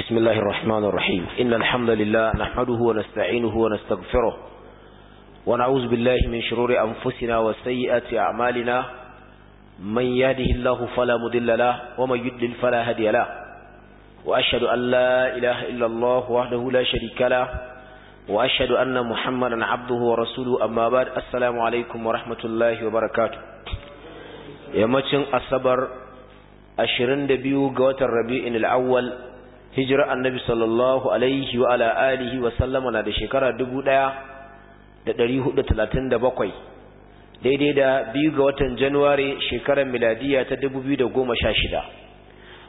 بسم الله الرحمن الرحيم إن الحمد لله نحمده ونستعينه ونستغفره ونعوذ بالله من شرور أنفسنا وسيئات أعمالنا من يهده الله فلا مضل له ومن يضلل فلا هادي له وأشهد أن لا إله إلا الله وحده لا شريك له وأشهد أن محمدا عبده ورسوله أما بعد السلام عليكم ورحمة الله وبركاته يمتن الصبر 22 ga watan Rabi'in al-Awwal hijira annabi sallallahu alaihi wa ala alihi wa sallama na da shekara 1437 daidai da biyu ga watan januwari shekarar miladiya ta 2016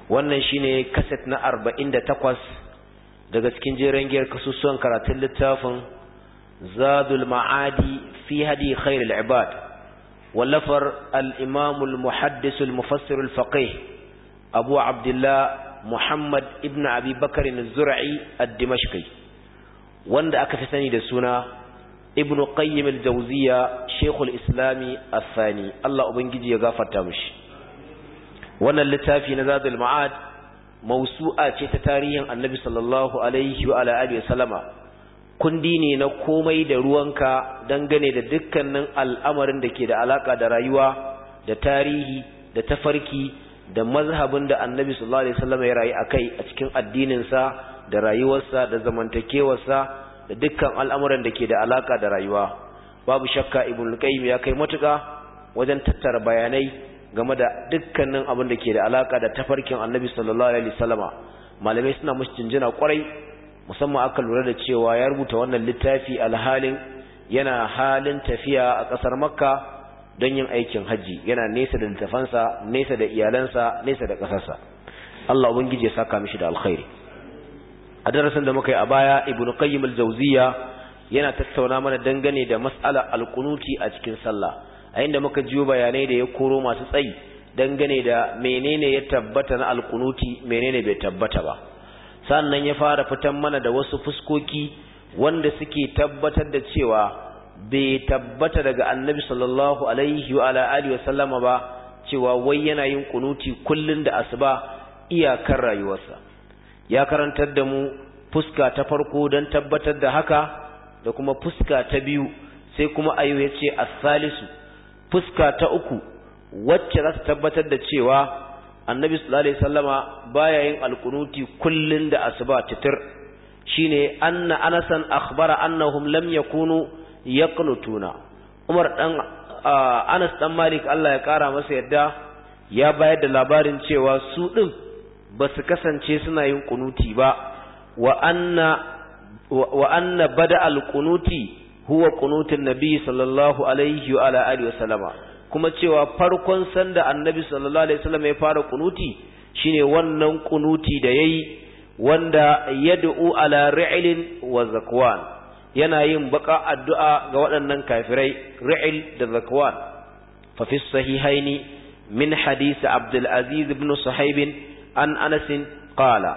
wannan shine kaset na 48 daga cikin jerin giyar kasusuwan karatun littafin zadul ma'adi fi hadi khairul ibad wallafar al-imamul muhaddisul mufassirul faqih abu abdullah Muhammad ibn Abi Bakar al-Zura'i ad-Dimashqi wanda aka fi sani da suna Ibn Qayyim al-Jawziyya Sheikhul Islami al-Thani Allah ubangiji ya gafarta mishi wannan littafi na Zadul Ma'ad mawsu'a ce ta tarihin Annabi sallallahu alaihi wa ala alihi wasallama kundi ne na komai da ruwanka dangane da dukkanin al'amarin da ke da alaka da rayuwa da tarihi da tafarki da mazhabin da annabi sallallahu alaihi wasallam ya rayu akai a cikin addininsa da rayuwarsa da zamantakewarsa da dukkan al'amuran da ke da alaka da rayuwa babu shakka ibn qayyim ya kai matuka wajen tattara bayanai game da dukkanin abin da ke da alaka da tafarkin annabi sallallahu alaihi wasallama malamai suna musu jinjina kwarai musamman aka lura da cewa ya rubuta wannan littafi alhalin yana halin tafiya a ƙasar makka don yin aikin hajji yana nesa da littafansa nesa da iyalansa nesa da ƙasarsa Allah ubangiji ya saka mishi da alkhairi a darasin da muka yi a baya ibn qayyim al-jawziya yana tattauna mana dangane da mas'alar al-Qunuti a cikin sallah a inda muka jiyo bayanai da ya koro masu tsayi dangane da menene ya tabbata na al-Qunuti menene bai tabbata ba sannan ya fara fitan mana da wasu fuskoki wanda suke tabbatar da cewa bai tabbata daga annabi sallallahu alaihi wa ala alihi ba cewa wai yana yin kunuti kullun da asuba iyakar rayuwarsa ya karantar da mu fuska ta farko don tabbatar da haka da kuma fuska ta biyu sai kuma ayo ya ce asalisu fuska ta uku wacce za ta tabbatar da cewa annabi sallallahu alaihi wasallama baya yin alkunuti kullun da asuba titir shine anna anasan akhbara annahum lam yakunu yaqnutuna Umar dan Anas dan Malik Allah ya kara masa yadda ya bayar da labarin cewa su din ba su kasance suna yin kunuti ba wa anna wa anna bada al-qunuti huwa qunutun nabi sallallahu alaihi wa ala alihi wa sallama kuma cewa farkon sanda annabi sallallahu alaihi wasallam ya fara kunuti shine wannan kunuti da yayi wanda yad'u ala ri'lin wa zakwan yana yin baka addu'a ga waɗannan kafirai ri'il da zakwan fa sahihaini min hadisi abdul aziz ibn suhaib an anasin qala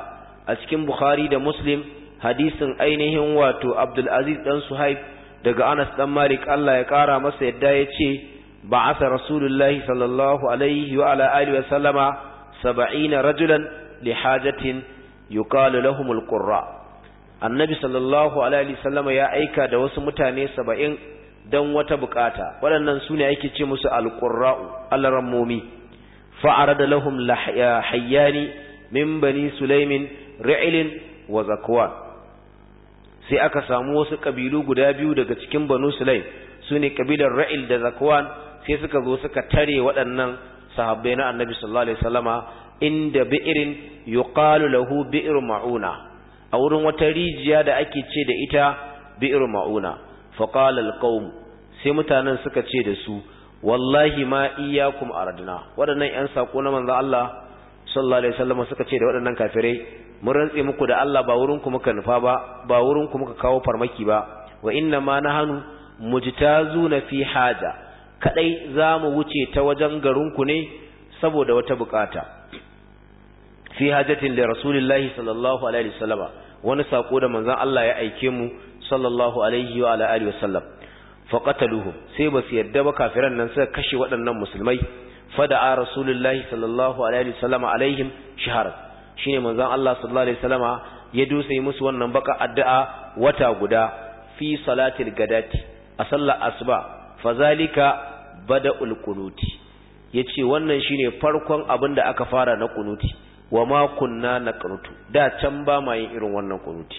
a cikin bukhari da muslim hadisin ainihin wato abdul aziz suhaib daga anas dan malik Allah ya kara masa yadda ya ce asa rasulullahi sallallahu alaihi wa ala alihi sallama rajulan li hajatin yuqalu lahumul qurra annabi sallallahu alaihi wasallama ya aika da wasu mutane saba'in dan wata bukata waɗannan su ne ake ce musu alƙurra'u alarammomi fa'ara da lahum hayyani min bani sulaimin ri'ilin wa zakwan sai aka samu wasu ƙabilu guda biyu daga cikin banu sulaim su ne ƙabilar ra'il da zakwan sai suka zo suka tare waɗannan sahabbai na annabi sallallahu alaihi wasallama inda bi'irin yuqalu lahu bi'ir ma'una a wurin wata rijiya da ake ce da ita bi'ir ma'una faqala alqaum sai mutanen suka ce da su wallahi ma iyyakum aradna waɗannan ƴan sako na manzo Allah sallallahu alaihi wasallam suka ce da waɗannan kafirai mun rantse muku da Allah ba wurin ku muka nufa ba ba wurin ku muka kawo farmaki ba wa inna ma nahanu mujtazuna fi haja kadai zamu wuce ta wajen garin ku ne saboda wata bukata fi hajatin da rasulillahi sallallahu alaihi wasallama wani sako da manzon Allah ya aike mu sallallahu alaihi wa alihi wasallam faqataluhu sai ba su yadda ba kafiran nan suka kashe waɗannan musulmai fada'a rasulullahi sallallahu alaihi wasallam alaihim shahar shine manzan Allah sallallahu alaihi wasallama ya dusa musu wannan baka addu'a wata guda fi salatil gadati a sallar asuba fazalika bada'ul qunuti yace wannan shine farkon abin da aka fara na qunuti wa ma kunna naqrutu da can ba ma yin irin wannan qunuti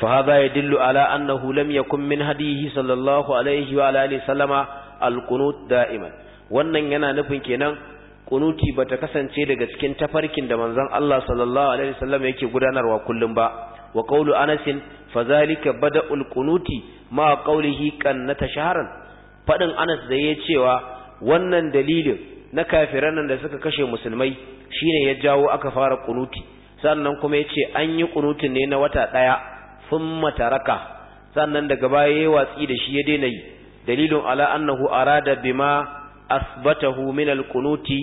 fa hadha yadullu ala annahu lam yakun min hadihi sallallahu alaihi wa alihi sallama alqunut da'iman wannan yana nufin kenan ba bata kasance daga cikin tafarkin da manzon Allah sallallahu alaihi wasallam yake gudanarwa kullum ba wa qawlu Anas fa zalika bada'ul qunuti ma qawlihi ta shaharan. fadin Anas da yayi cewa wannan dalilin na kafiran nan da suka kashe musulmai shine ya jawo aka fara kunuti sannan kuma yace an yi kunutin ne na wata daya thumma taraka sannan daga baya ya watsi da shi ya daina yi dalilin ala annahu arada bima asbatahu min alqunuti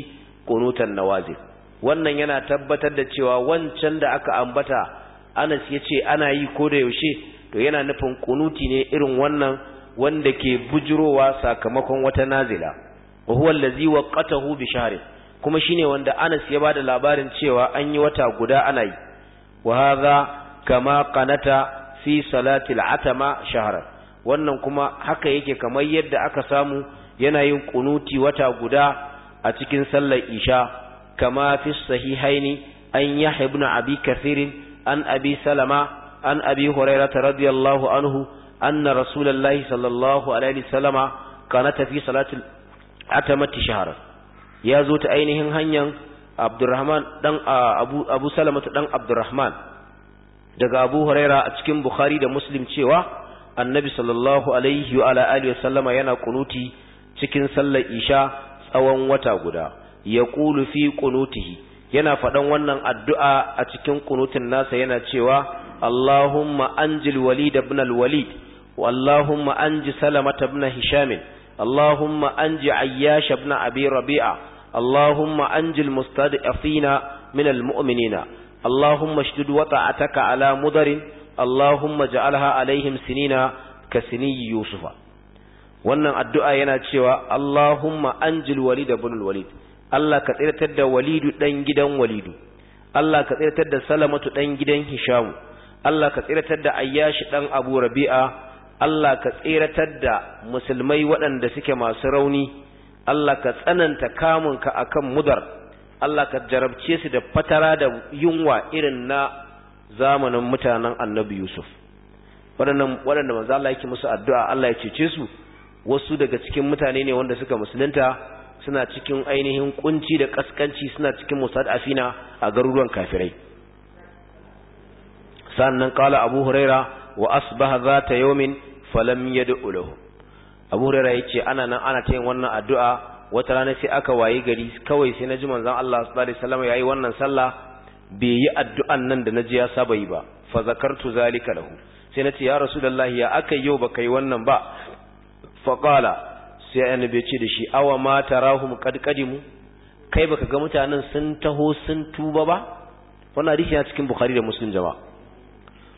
kunutan nawazil wannan yana tabbatar da cewa wancan da aka ambata Anas yace ana yi ko da yaushe to yana nufin kunuti ne irin wannan wanda ke bujurowa sakamakon wata nazila wa huwa allazi waqatahu bi shahrin kuma shine wanda Anas ya bada labarin cewa an yi wata guda ana yi wa hadha kama qanata fi salati atama wannan kuma haka yake kamar yadda aka samu yana yin kunuti wata guda a cikin sallar isha kama fi sahihaini an yahya ibn abi kathir an abi salama an abi hurairah radiyallahu anhu anna rasulullahi sallallahu alaihi wasallama qanata fi salati atama ya zo ta ainihin hanyar Abdurrahman dan Abu Abu Salamatu dan Abdurrahman daga Abu Huraira a cikin Bukhari da Muslim cewa Annabi sallallahu alaihi wa ala alihi wasallama yana kunuti cikin sallar Isha tsawon wata guda ya qulu fi qunutihi yana faɗan wannan addu'a a cikin kunutin nasa yana cewa Allahumma anjil Walid ibn al-Walid wallahumma anji Salamata ibn Hisham اللهم أنج عياش بن أبي ربيعة اللهم أنج المستضعفين من المؤمنين اللهم اشدد وطعتك على مدر اللهم اجعلها عليهم سنين كسني يوسف wannan addu'a yana cewa Allahumma anjil walid ibn walid Allah ka tsirtar da walidu dan gidan walidu Allah ka tsirtar da salamatu dan gidan hishamu Allah ka tsirtar da ayyashi dan abu rabi'a Allah ka tseratar da musulmai waɗanda suke masu rauni Allah ka tsananta kamunka kan mudar Allah ka jarabce su da fatara da yunwa irin na zamanin mutanen annabi Yusuf waɗannan waɗanda manzo Allah yake musu addu'a Allah ya cece su wasu daga cikin mutane ne wanda suka musulunta suna cikin ainihin kunci da kaskanci suna cikin musad afina a garuruwan kafirai sannan kala abu huraira wa ta zata yawmin falam yad'u lahu Abu Hurairah yace ana nan ana ta yin wannan addu'a wata rana sai aka wayi gari kawai sai na ji manzon Allah sallallahu alaihi wasallam yayi wannan sallah bai yi addu'an nan da naji ya saba yi ba fa zakartu zalika lahu sai nace ya rasulullahi ya aka yau baka yi wannan ba fa qala sai annabi ce da shi awa ma tarahum qad qadimu kai baka ga mutanen sun taho sun tuba ba wannan hadisi yana cikin Bukhari da Muslim jama'a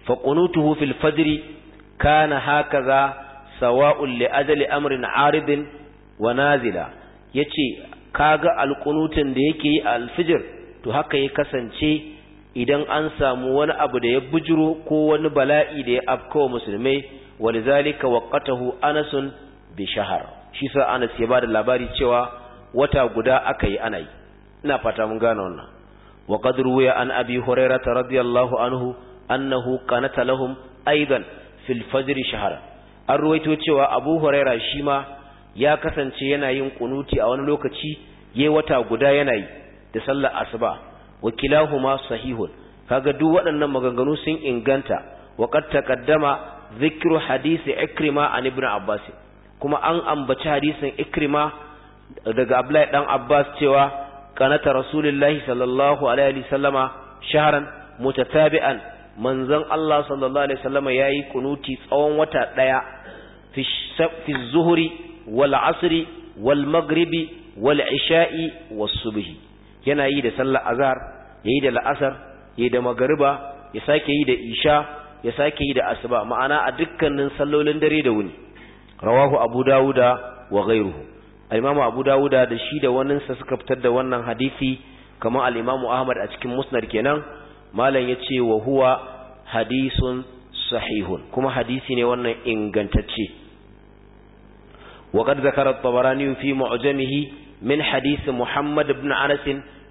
fa qunutuhu fil fajri kana hakaza sawa'un li ajali amrin aridin wa nazila yace kaga alqunutin da yake yi alfijir to haka ya kasance idan an samu wani abu da ya bujiro ko wani bala'i da ya afkawa musulmai walizalika waqatahu anasun bi shahar shi sa anas ya bada labari cewa wata guda aka yi ana ina fata mun gane wannan wa qad ruwiya an abi hurairah radiyallahu anhu annahu qanata lahum aidan shahara an ruwaito cewa Abu Huraira shi ma ya kasance yana yin kunuti a wani lokaci yayi wata guda yana yi da sallar asuba wa ma sahihun kaga duk waɗannan maganganu sun inganta wa qad taqaddama dhikru hadisi ikrima an ibn abbas kuma an ambaci hadisin ikrima daga Abdullahi dan Abbas cewa kanata rasulullahi sallallahu alaihi wasallama shahran mutatabi'an manzon Allah sallallahu alaihi wasallam yayi kunuti tsawon wata daya fi zuhuri wal asri wal maghribi wal isha'i was subhi yana yi da sallar azhar yayi da la'asar yayi da magariba ya sake yi da isha ya sake yi da asuba ma'ana a dukkanin sallolin dare da wuni rawahu abu dawuda wa ghayruhu al-imamu abu dawuda da shi da waninsa suka fitar da wannan hadisi kamar al-imamu ahmad a cikin musnad kenan malam yace wa huwa hadisun sahihun kuma hadisi ne wannan ingantacce waƙar zakarar zakara fi mu'jamihi min hadith muhammad ibn anas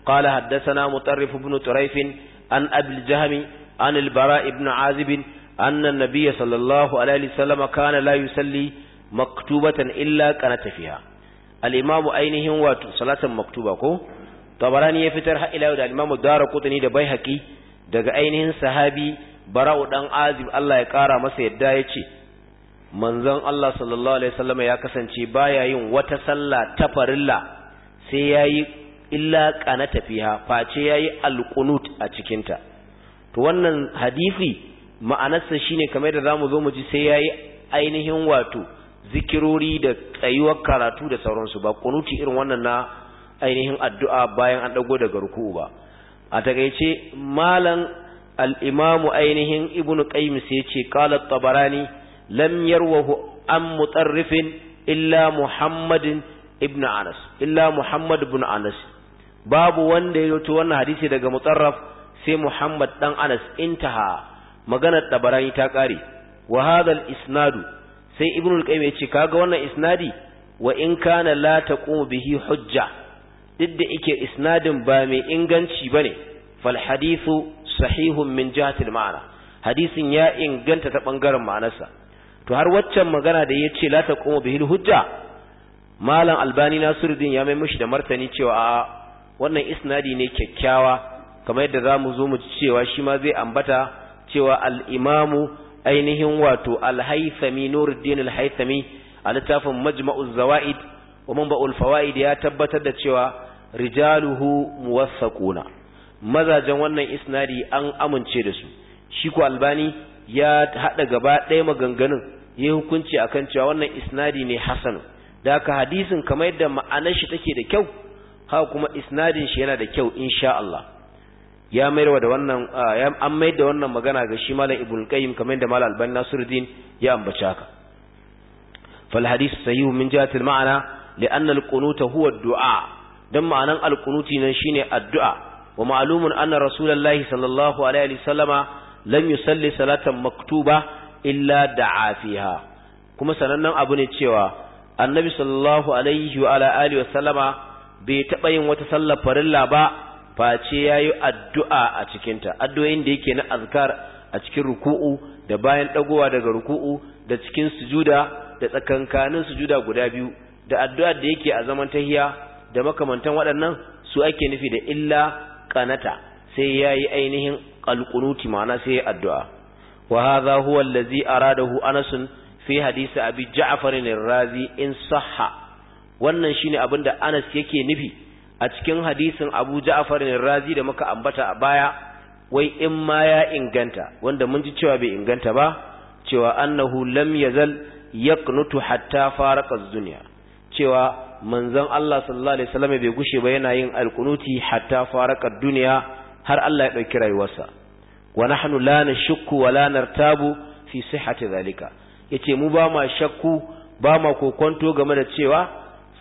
qala haddathana mutarrif ibn turayf an abi al an al ibn azib an-nabiy sallallahu alaihi wasallam kana la yusalli maktubatan illa qanata fiha al-imam ainihin wato salatan maktuba ko tabarani fitar har da al dara darqutni da baihaqi daga ainihin sahabi bara'u dan azib Allah ya kara masa yadda ya ce manzon Allah sallallahu alaihi wasallam ya kasance baya yin wata sallah ta farilla sai yayi illa kana tafiha face yayi alqunut a cikin ta to wannan hadisi ma'anarsa shine kamar da zamu zo mu ji sai yayi ainihin wato zikirori da tsayuwar karatu da sauransu ba kunuti irin wannan na ainihin addu'a bayan an dago daga ruku'u ba a takaice malam al imamu ainihin ibnu qayyim sai yace qala tabarani lam yarwahu an mutarrifin illa muhammadin ibn anas illa muhammad ibn anas babu wanda ya rawaito wannan hadisi daga mutarraf sai muhammad dan anas intaha maganar tabarani ta kare wa hadal isnadu sai ibnu qayyim ya ce kaga wannan isnadi wa in kana la taqumu bihi hujja duk da yake isnadin ba mai inganci bane fal hadithu sahihun min jihatil ma'ana hadisin ya inganta ta bangaren ma'anarsa to har waccan magana da yace la taqumu bihil hujja malam albani nasiruddin ya mai mushi da martani cewa a wannan isnadi ne kyakkyawa kamar yadda zamu zo mu ci cewa shi ma zai ambata cewa al'imamu ainihin wato al-haythami nuruddin al a littafin majma'uz zawaid wa manba'ul fawaid ya tabbatar da cewa rijaluhu muwaffaquna mazajen wannan isnadi an amince da su shi ko albani ya hada gaba ɗaya maganganun yayi hukunci akan cewa wannan isnadi ne hasan da haka hadisin kamar yadda ma'anar shi take da kyau haka kuma isnadin shi yana da kyau insha Allah ya mayar da wannan an mayar da wannan magana ga shi malam ibnu qayyim kamar yadda malam albani nasiruddin ya ambace haka fal hadis sayyu min jihati al ma'ana li'anar al ta huwa dua Don ma'anan alkunuti nan shine addu'a wa ma'lumun anna rasulullahi sallallahu alaihi wasallama lam yusalli salatan maktuba illa da fiha kuma sanannen abu ne cewa annabi sallallahu alaihi wa ala wa sallama bai taba yin wata sallar farilla ba face yayi addu'a a cikinta addu'o'in da yake na azkar a cikin ruku'u da bayan ɗagowa daga ruku'u da cikin sujuda da tsakankanin sujuda guda biyu da addu'a da yake a zaman tahiya da makamantan waɗannan su ake nufi da illa kanata sai ya yi ainihin alƙunuti ma'ana sai ya addu'a wa hadha huwa allazi aradahu Anas fi hadisi Abi Ja'far razi in sahha wannan shine abinda Anas yake nufi a cikin hadisin Abu Ja'far razi da muka ambata a baya wai in ma ya inganta wanda mun ji cewa bai inganta ba cewa annahu lam yazal yaqnutu hatta fara az-dunya cewa manzon Allah sallallahu alaihi wasallam bai gushe ba yana yin alkunuti hatta faraka duniya har Allah ya dauki rayuwarsa wa nahnu la nashukku wa la nartabu fi sihhati zalika yace mu ba ma shakku ba ma kokonto game da cewa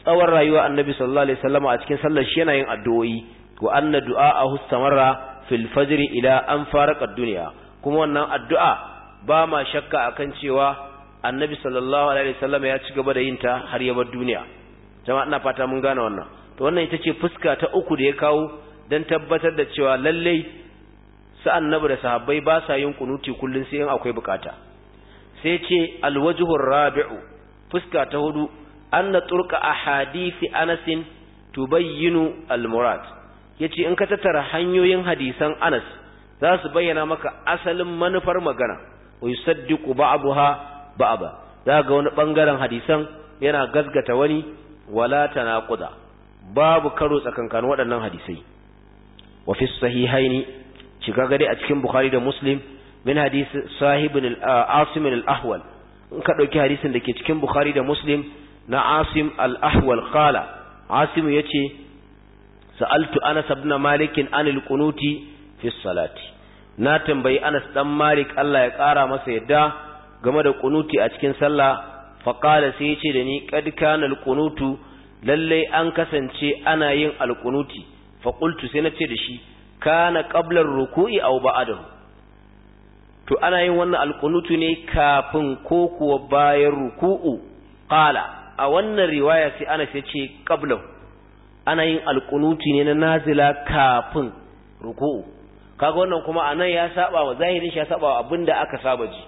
tsawon rayuwa annabi sallallahu alaihi wasallam a cikin sallar shi yana yin addu'o'i wa anna du'a'ahu samarra fil fajr ila an faraka duniya kuma wannan addu'a ba ma shakka akan cewa annabi sallallahu alaihi wasallam ya ci gaba da yin ta har ya bar duniya jama'a ina fata mun gane wannan to wannan ita ce fuska ta uku da ya kawo don tabbatar da cewa lallai su annabi da sahabbai ba sa yin kunuti kullun sai in akwai bukata sai ce alwajhur rabi'u fuska ta hudu anna turqa ahadisi anasin tubayyinu almurad yace in ka tattara hanyoyin hadisan Anas za su bayyana maka asalin manufar magana wa yusaddiqu ba'daha ba'da za ga wani bangaren hadisan yana gasgata wani wala tanaquda babu karo tsakankan waɗannan hadisai wa fi sahihaini shiga gari a cikin bukhari da muslim min hadisi sahibin al-asim al-ahwal in ka dauki hadisin da ke cikin bukhari da muslim na asim al-ahwal qala asim yace sa'altu anas ibn malik an al-qunuti fi salati na tambayi anas dan malik Allah ya kara masa yadda game da kunuti a cikin sallah faƙala sai ce da ni ƙad kana alƙunutu lallai an kasance ana yin alƙunuti faƙultu sai na ce da shi kana ƙablar ruku'i au ba'adahu to ana yin wannan alƙunutu ne kafin ko kuwa bayan ruku'u ƙala a wannan riwaya sai ana sai ce ƙablahu ana yin alƙunuti ne na nazila kafin ruku'u kaga wannan kuma anan ya saba wa zahirin shi ya saba wa abinda aka saba ji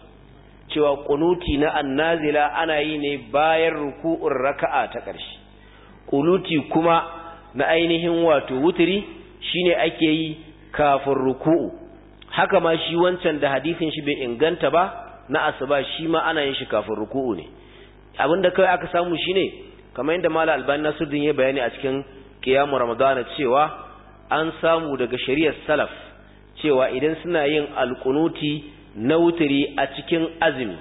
cewa kunuti na annazila ana yi ne bayan ruku'un raka'a ta ƙarshe kunuti kuma na ainihin wato wutiri shine ake yi kafin ruku'u haka ma shi wancan da hadisin shi bai inganta ba na asuba shi ma ana yin shi kafin ruku'u ne abinda kai aka samu shine kamar yadda malam albani nasuddin ya bayani a cikin qiyamu ramadana cewa an samu daga shari'ar salaf cewa idan suna yin alqunuti na wutiri a cikin azumi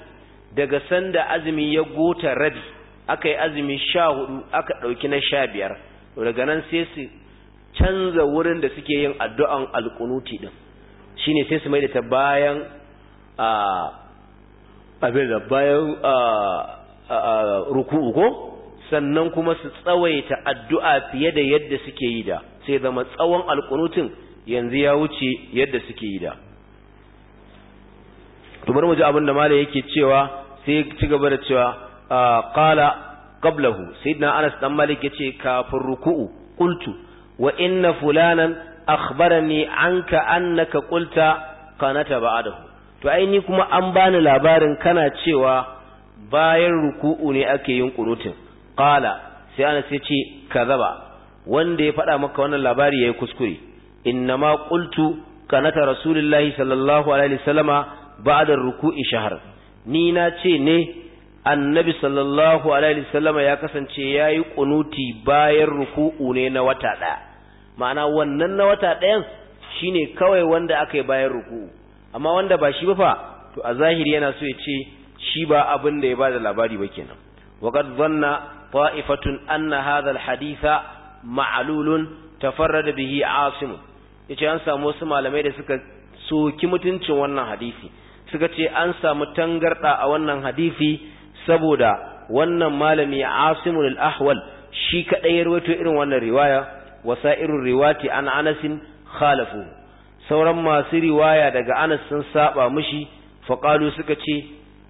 daga sanda azumi ya gota rabi aka yi azumi sha hudu aka ɗauki na sha biyar daga nan sai su canza wurin da suke yin addu'an alƙunuti ɗin shi ne sai su mai da ta bayan abin da bayan ruku'u ko sannan kuma su tsawaita addu'a fiye da yadda suke yi da sai zama tsawon alƙunutin yanzu ya wuce yadda suke yi da to bari mu ji abin da malam yake cewa sai ci gaba da cewa ah, qala qablahu sayyidina Anas dan Malik yace kafin ruku'u qultu wa inna fulanan akhbarani anka annaka qulta qanata ba'dahu to ai ni kuma an bani labarin kana cewa bayan ruku'u ne ake yin qunutun qala sai Anas yace kazaba wanda ya faɗa maka wannan labari yayi kuskure innama qultu kanata rasulullahi sallallahu alaihi wasallama ba'da ruku'i shahar ni na ce ne annabi sallallahu alaihi wasallama ya kasance yayi kunuti bayan ruku'u ne na wata daya ma'ana wannan na wata dayan shine kawai wanda aka yi bayan ruku'u amma wanda ba shi ba fa to a zahiri yana so ya ce shi ba abin da ya bada labari ba kenan waqad dhanna ta'ifatun anna hadha alhaditha ma'lulun tafarrada bihi asim yace an samu wasu malamai da suka soki mutuncin wannan hadisi suka ce an samu tangarda a wannan hadisi saboda wannan malami asimul al-ahwal shi kadai ya rawaito irin wannan riwaya wasairur riwati an anas khalafu sauran masu riwaya daga anas sun saba mishi faqalu suka ce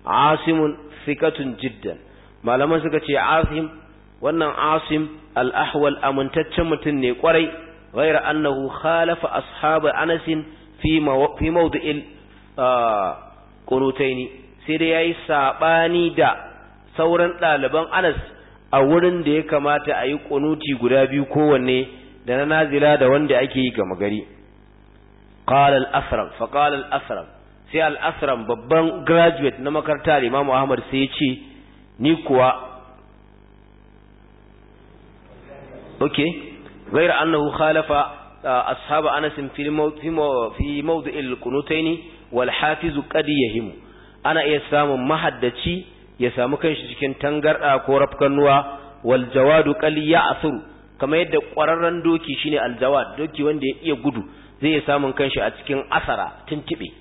asimun thiqatun jiddan malaman suka ce asim wannan asim al-ahwal amintaccen mutum ne kwarai غير annahu khalafa أصحاب أنس fi مو... kunutaini sai dai ya yi saɓani da sauran ɗaliban Anas a wurin da ya kamata a yi ƙunuti guda biyu kowanne da na nazila da wanda ake yi gama gari qalal asram fa qalal asram sai al asram babban graduate na makarta Imam Ahmad sai ya ce ni kuwa okay غير annahu khalafa ah, ashabu anas fi في kunutaini wal hafizu qad yahimu ana iya samun mahaddaci ya samu kanshi cikin tangarda ko rafkanuwa wal jawadu qal asuru kamar yadda ƙwararren doki shine al jawad doki wanda ya iya gudu zai iya samun kanshi a cikin asara tintibe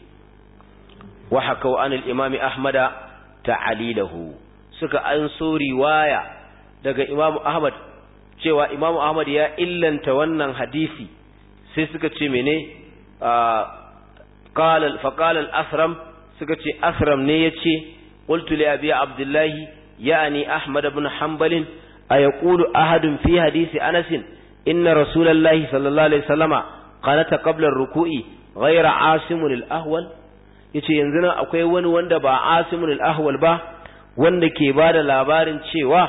wa hakau anil imami ahmada ta'alilahu suka an so riwaya daga imamu ahmad cewa imamu ahmad ya illanta wannan hadisi sai suka ce mene ah, qala faqala asram suka ce asram ne yace qultu li abi abdullah yani ahmad ibn hanbal ayaqulu ahadun fi hadisi anasin inna rasulullahi sallallahu alaihi wasallama qanata qabla ar-ruku'i ghayra asimun al-ahwal yace yanzu nan akwai wani wanda ba asimun ahwal ba wanda ke bada labarin cewa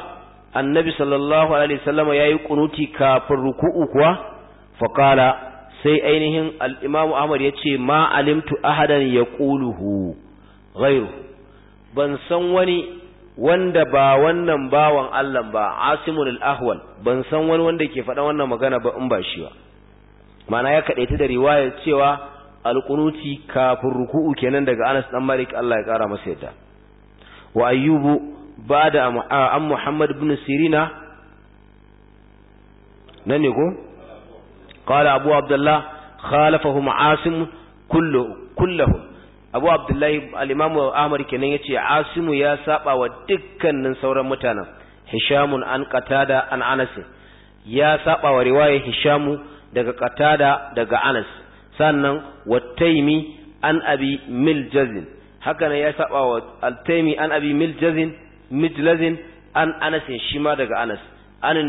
annabi sallallahu alaihi wasallama yayi kunuti kafin ruku'u kuwa faqala sai ainihin al'imamu ahmad ya ce ma alimtu ahadan ya ƙuluhu ghairu ban san wani wanda ba wannan bawan Allah ba asimun al'ahwal ban san wani wanda ke faɗa wannan magana ba in ba shi ba mana ya kaɗaita da riwaya cewa alƙunuti kafin ruku'u kenan daga anas ɗan malik Allah ya ƙara masa yadda wa ayyubu ba da an muhammad bin sirina nan ne ko qala abu abdullah khalafahum asim kullu kulluhum abu abdullahi al-imam yace asimu ya saba wa dukkanin sauran mutanen hishamun an qatada an anas ya saba wa riwayar hishamu daga qatada daga anas sannan wattaimi an abi miljazin haka ne ya saba wa altaimi an abi miljazin mijlazin an anas shi daga anas anin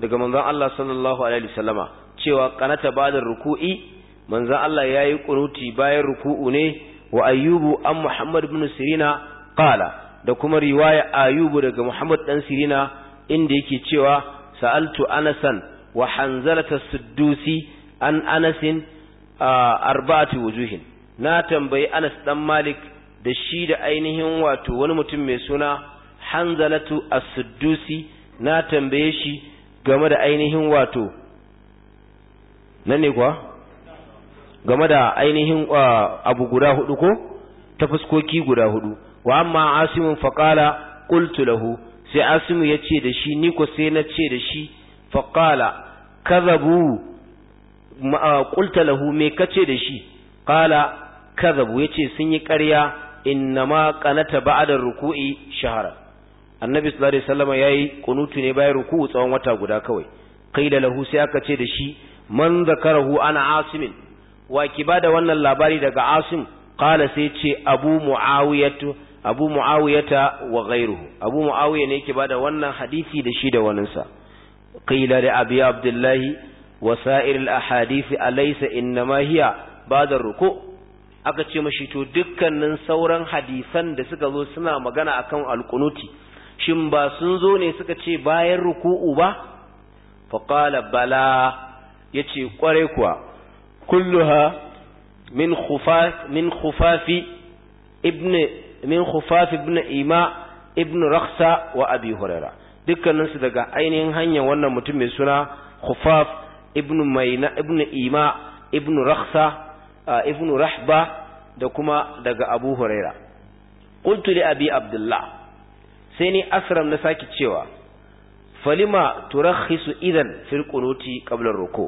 daga manzon Allah sallallahu alaihi wasallama cewa qanata ba'da ruku'i manzon Allah yayi qunuti bayan ruku'u ne wa ayyubu an muhammad ibn sirina qala da kuma riwaya ayyubu daga muhammad dan sirina inda yake cewa sa'altu anasan wa hanzalata suddusi an anasin arba'atu wujuhin na tambayi anas dan malik da shi da ainihin wato wani mutum mai suna hanzalatu as-suddusi na tambaye shi game da ainihin wato nan ne kuwa game da ainihin abu guda hudu ko ta fuskoki guda hudu wa amma asimun Faƙala ƙultu lahu sai asimu ya ce da shi niko sai na ce da shi Faƙala ka zabu ƙulta lahu me kace da shi Ƙala ka zabu ya ce sun yi ƙarya ma ƙanata ba'adar ruku'i shahara annabi sallallahu alaihi wasallam yayi kunutu ne bayan ruku tsawon wata guda kawai qila lahu sai aka ce da shi man zakarahu ana asimin wa ki bada wannan labari daga asim qala sai ce abu muawiyatu abu muawiyata wa ghayruhu abu muawiya ne yake bada wannan hadisi da shi da sa qila da abi abdullahi wa sa'ir al ahadith alaysa inma hiya ba'da ruku aka ce mashi to dukkanin sauran hadisan da suka zo suna magana akan alqunuti shin ba sun zo ne suka ce bayan ruku'u ba faƙala bala ya ce ƙwarai kuwa kulluha min khufafi ibn min khufafi ibn ima ibn raksa wa abi huraira dukkaninsu daga ainihin hanyar wannan mutum mai suna khufaf ibn maina ibn ima ibn raksa ibn rahba da kuma daga abu huraira qultu li abi abdullah sai ni asram na saki cewa falima turakhisu idan fil qunuti qabla ruku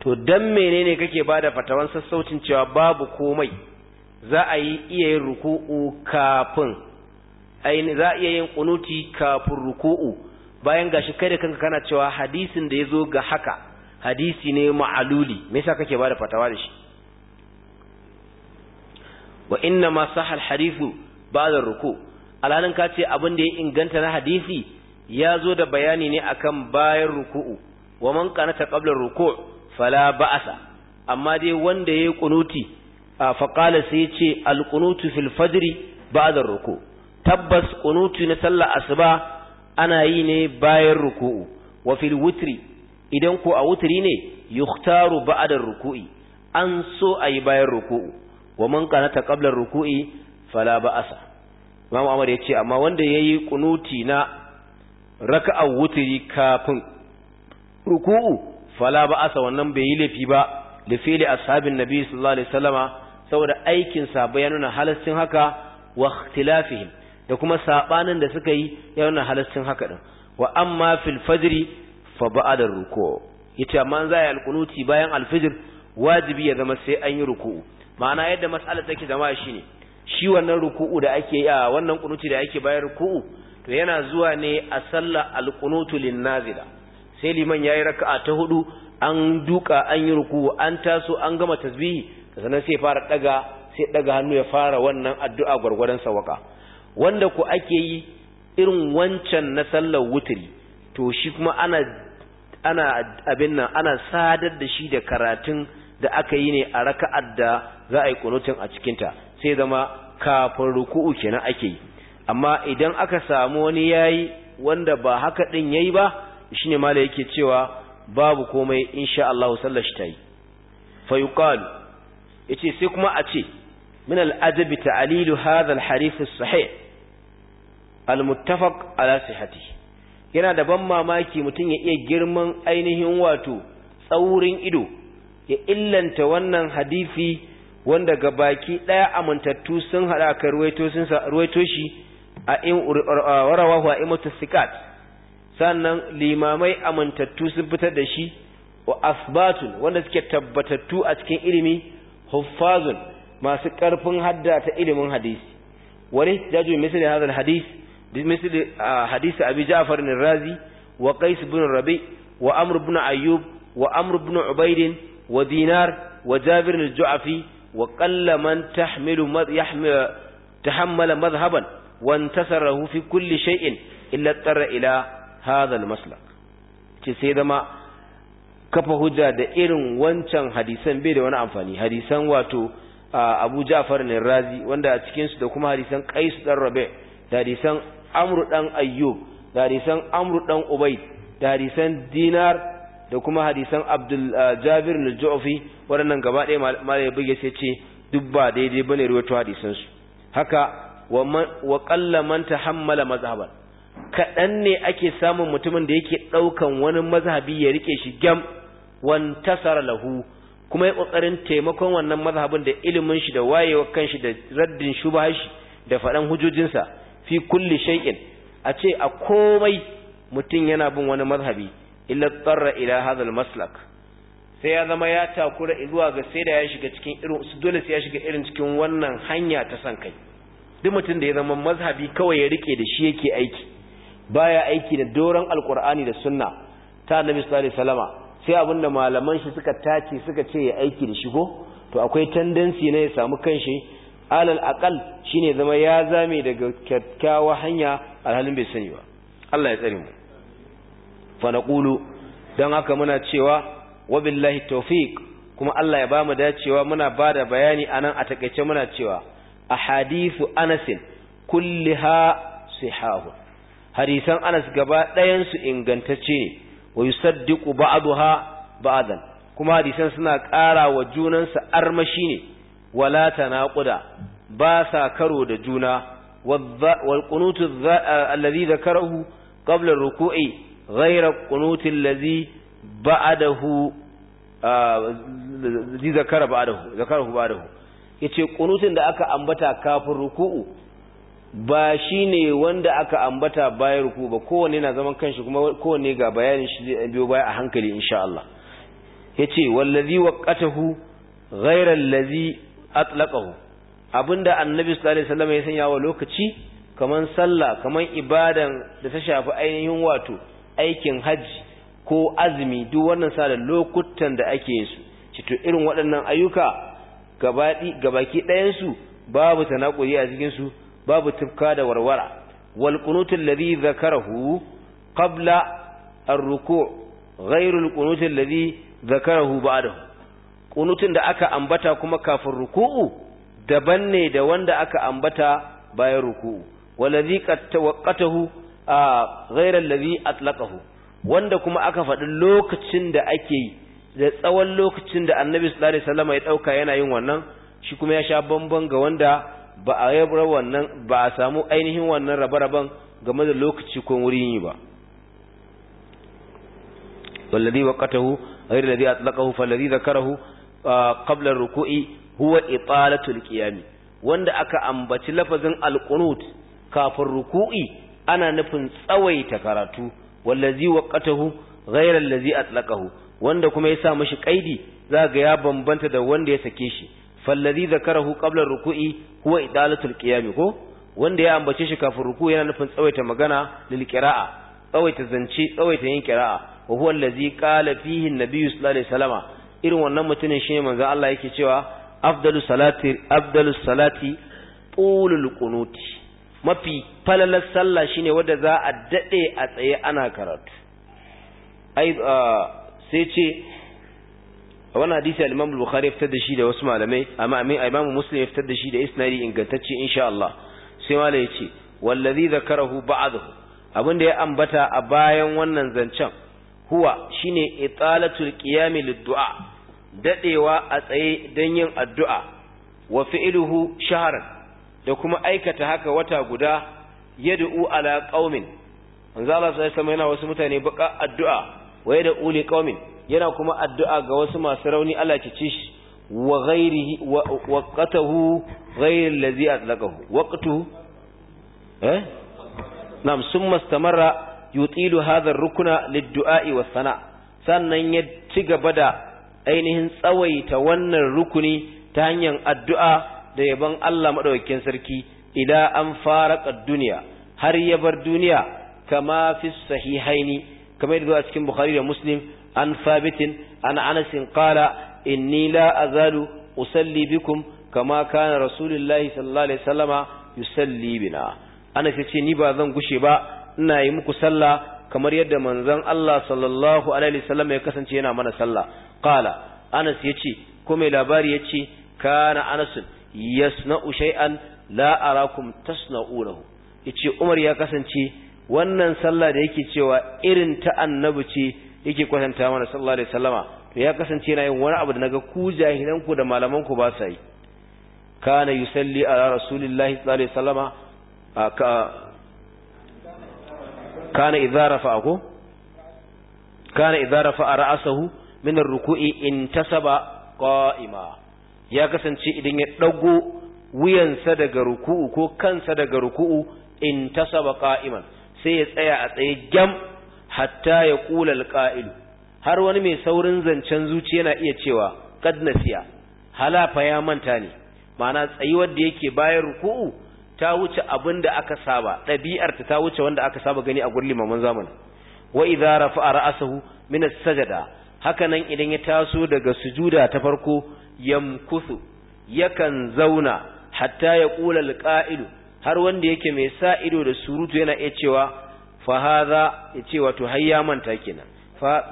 to dan menene kake bada fatawan sassaucin cewa babu komai za a yi iya yin ruku'u kafin ai za a iya yin qunuti kafin ruku'u bayan gashi kai da kanka kana cewa hadisin da yazo ga haka hadisi ne ma'aluli me yasa kake bada fatawa da shi wa inna ma sahal hadithu ba'da ruku alhalin ka ce abin da ya inganta na hadisi ya zo da bayani ne akan bayan ruku'u wa man qanata qabla ruku' fala ba'asa amma dai wanda yayi kunuti fa qala sai ce al qunutu fil fajri ba'da ruku' tabbas kunuti na sallar asuba ana yi ne bayan ruku'u wa fil witri idan ko a wutri ne yukhtaru ba'da ruku'i an so ayi bayan ruku'u wa man qanata qabla ruku'i fala ba'asa Imam Umar ya ce amma wanda yayi kunuti na raka'ar wutri kafin ruku'u fala ba asa wannan bai yi laifi ba da fili ashabin nabi sallallahu alaihi wasallama saboda aikin sa ya nuna halascin haka wa ikhtilafihim da kuma sabanin da suka yi ya nuna halascin haka din wa amma fil fajri fa ba'da ruku'u yace amma an zai alkunuti bayan alfijir wajibi ya zama sai an yi ruku'u ma'ana yadda mas'alar take zama shine shi wannan ruku'u da ake yi a wannan kunuti da ake bayar ruku'u to yana zuwa ne a sallar alqunutu linnazila sai liman ya yi raka'a ta hudu an duka an yi ruku'u an taso an gama tasbihi sannan sai fara daga sai daga hannu ya fara wannan addu'a gurgurdan sawaka wanda ku ake yi irin wancan na sallar wutri to shi kuma ana ana abin nan ana sadar da shi da karatun da aka yi ne a raka'ar da za a yi kunutun a cikinta sai zama kafin ruku'u kenan ake yi amma idan aka samu wani yayi wanda ba haka din yayi ba shine mala yake cewa babu komai insha Allah sallallahu ta yi. fa yuqalu yace sai kuma a ce min al adab ta'lil hadha al-harif al sahih al-muttafaq ala sihhati yana da ban mamaki mutum ya iya girman ainihin wato tsaurin ido ya illanta wannan hadisi wanda ga baki ɗaya amintattu sun haɗa ka ruwaito shi a in warawahu a imatu sikat sannan limamai amintattu sun fitar da shi wa asbatun wanda suke tabbatattu a cikin ilimi huffazun masu ƙarfin hadda ta ilimin hadisi wani jaju misali hadal hadis misali hadisi abi ja'far bin razi wa qais bin rabi wa amr bin ayyub wa amr bin ubaidin wa dinar wa jabir al-ju'afi wa qalla man tahmilu yahmil tahammala madhhaban wa intasarahu fi kulli shay'in illa tarra ila hadha al-maslak ce sai zama kafa hujja da irin wancan hadisan bai da wani amfani hadisan wato Abu Ja'far ne Razi wanda a cikin da kuma hadisan Qais dan Rabi da hadisan Amr dan Ayyub da hadisan Amr dan Ubayd da hadisan Dinar da kuma hadisan abdul uh, jabir al-ju'fi waɗannan gaba ɗaya malai buge sai ce duk ba daidai bane ruwaito hadisan su haka wa qalla man tahammala mazhaban kaɗan ne ake samun mutumin da yake ɗaukan wani mazhabi ya rike shi gam tasara lahu kuma ya ƙoƙarin taimakon wannan mazhabin da ilimin shi da wayewar kanshi da raddin shubahar shi da faɗan hujojinsa fi kulli shay'in a ce a komai mutum yana bin wani mazhabi illa ila hadhal maslak sai ya zama ya takura zuwa ga sai da ya shiga cikin irin dole sai ya shiga irin cikin wannan hanya ta san kai duk mutum da ya zama mazhabi kawai ya rike da shi yake aiki baya aiki da doron alkur'ani da sunna ta annabi sallallahu alaihi wasallam sai abinda malaman shi suka tace suka ce ya aiki da shi ko to akwai tendency ne ya samu kanshi alal aqal shine zama ya zame daga kyakkyawa hanya alhalin bai sani ba Allah ya tsare mu fanaƙulu don dan haka muna cewa wabillahi tawfiq kuma Allah ya bamu dacewa muna bada bayani a nan a taƙaice muna cewa ahadithu Anas kulliha sihahu hadisan Anas gaba ɗayansu su ingantacce ne wa baadu ha ba'adan kuma hadisan suna ƙara wa junansa armashi ne wala naƙuda ba sa karo da juna wal qunutu alladhi dhakarahu qabla ruku'i غير القنوت الذي بعده ذي ذكر بعده ذكره بعده yace kunutin da aka ambata kafin ruku'u ba shine wanda aka ambata bayan ruku'u ba kowanne na zaman kanshi kuma kowanne ga bayanin shi zai biyo baya a hankali insha Allah yace wallazi waqatahu ghayra allazi atlaqahu abinda annabi sallallahu alaihi wasallam ya sanya wa lokaci kaman sallah kaman ibadan da ta shafi ainihin wato aikin hajji ko azumi duk wannan sa da lokutan da ake su cito irin waɗannan ayyuka gabaki ɗayansu babu tanakuri a cikinsu babu tufka da warwara wal qunut ladhi zakarahu qabla ar-ruku' ghayru al qunut ladhi zakarahu ba'dahu qunutin da aka ambata kuma kafin ruku'u daban ne da wanda aka ambata bayan ruku'u waladhi qad tawaqqatahu A ghairar lazi atlaqahu wanda kuma aka faɗi lokacin da ake yi da tsawon lokacin da annabi sallallahu alaihi wasallam ya dauka yana yin wannan shi kuma ya sha bambam ga wanda ba a yabra wannan ba a samu ainihin wannan rabe-raben game da lokaci ko wurin yi ba wallazi waqatahu ghairu allazi atlaqahu fallazi zakarahu qabla ruku'i huwa italatul qiyami wanda aka ambaci lafazin alqunut kafin ruku'i ana nufin tsawaita karatu wallazi waqatahu ghayra allazi atlaqahu wanda kuma ya sa mishi kaidi za ga ya bambanta da wanda ya sake shi fallazi zakarahu qabla ruku'i huwa idalatul qiyam ko wanda ya ambace shi kafin ruku'i yana nufin tsawaita magana lil qira'a tsawaita zance tsawaita yin qira'a wa huwa allazi qala fihi an-nabiy sallallahu alaihi wasallam irin wannan mutumin shine manzo Allah yake cewa afdalus salati afdalus salati qulul qunuti mafi falalar sallah shine wadda za a dade a tsaye ana karatu ai sai ce wannan hadisi al-Imam al-Bukhari ya fitar da shi da wasu malamai amma Imam Muslim ya fitar da shi da isnadi ingantacce insha Allah sai malai ya ce wallazi zakarahu ba'dahu da ya ambata a bayan wannan zancen huwa shine italatul qiyami lid-du'a dadewa a tsaye don yin addu'a wa fi'luhu shahran da kuma aikata haka wata guda yad'u ala qaumin wanzu Allah sallallahu sama yana wasu mutane baka addu'a wa yad'u ne qaumin yana kuma addu'a ga wasu masu rauni Allah ya ci shi wa ghairihi wa qatahu ghair allazi atlaqahu waqtu eh nam summa istamarra yutilu hadha ar-rukna lid wa sana sannan ya ci gaba da ainihin tsawaita wannan rukuni ta hanyar addu'a da yabon Allah maɗaukin sarki ila an faraka duniya har ya bar duniya kama fi sahihaini kama yadda a cikin Bukhari da Muslim an fabitin an Anas qala inni la azalu usalli bikum kama kana rasulullahi sallallahu alaihi wasallama yusalli bina Anas yace ni ba zan gushe ba ina yi muku sallah kamar yadda manzon Allah sallallahu alaihi wasallam ya kasance yana mana sallah qala Anas yace ko mai labari yace kana Anas yasna'u shay'an la arakum tasna'unahu yace Umar ya kasance wannan sallah da yake cewa irin ta annabi ce yake kwatanta mana sallallahu alaihi wasallama to ya kasance yana yin wani abu da naga ku jahilan ku da malaman ku ba sa yi kana yusalli ala rasulillahi sallallahu alaihi wasallama kana idza rafa'a kana idza rafa'a ra'asahu rukui intasaba qa'ima ya kasance idan ya ɗago wuyansa daga ruku'u ko kansa daga ruku'u in tasaba qa'iman sai ya tsaya a tsaye gyam hatta ya qula alqa'ilu har wani mai saurin zancen zuci yana iya cewa qad nasiya halafa ya manta ne ma'ana tsayuwar da yake bayan ruku'u ta wuce abin da aka saba ɗabi'arta ta wuce wanda aka saba gani a gurin limaman zamani wa idza rafa'a ra'asahu, min as-sajada hakanan idan ya taso daga sujuda ta farko yamkuthu yakan zauna hatta ya kula alqa'idu har wanda yake mai sa ido da surutu yana iya cewa fa hadha ya ce wato hayya manta kenan fa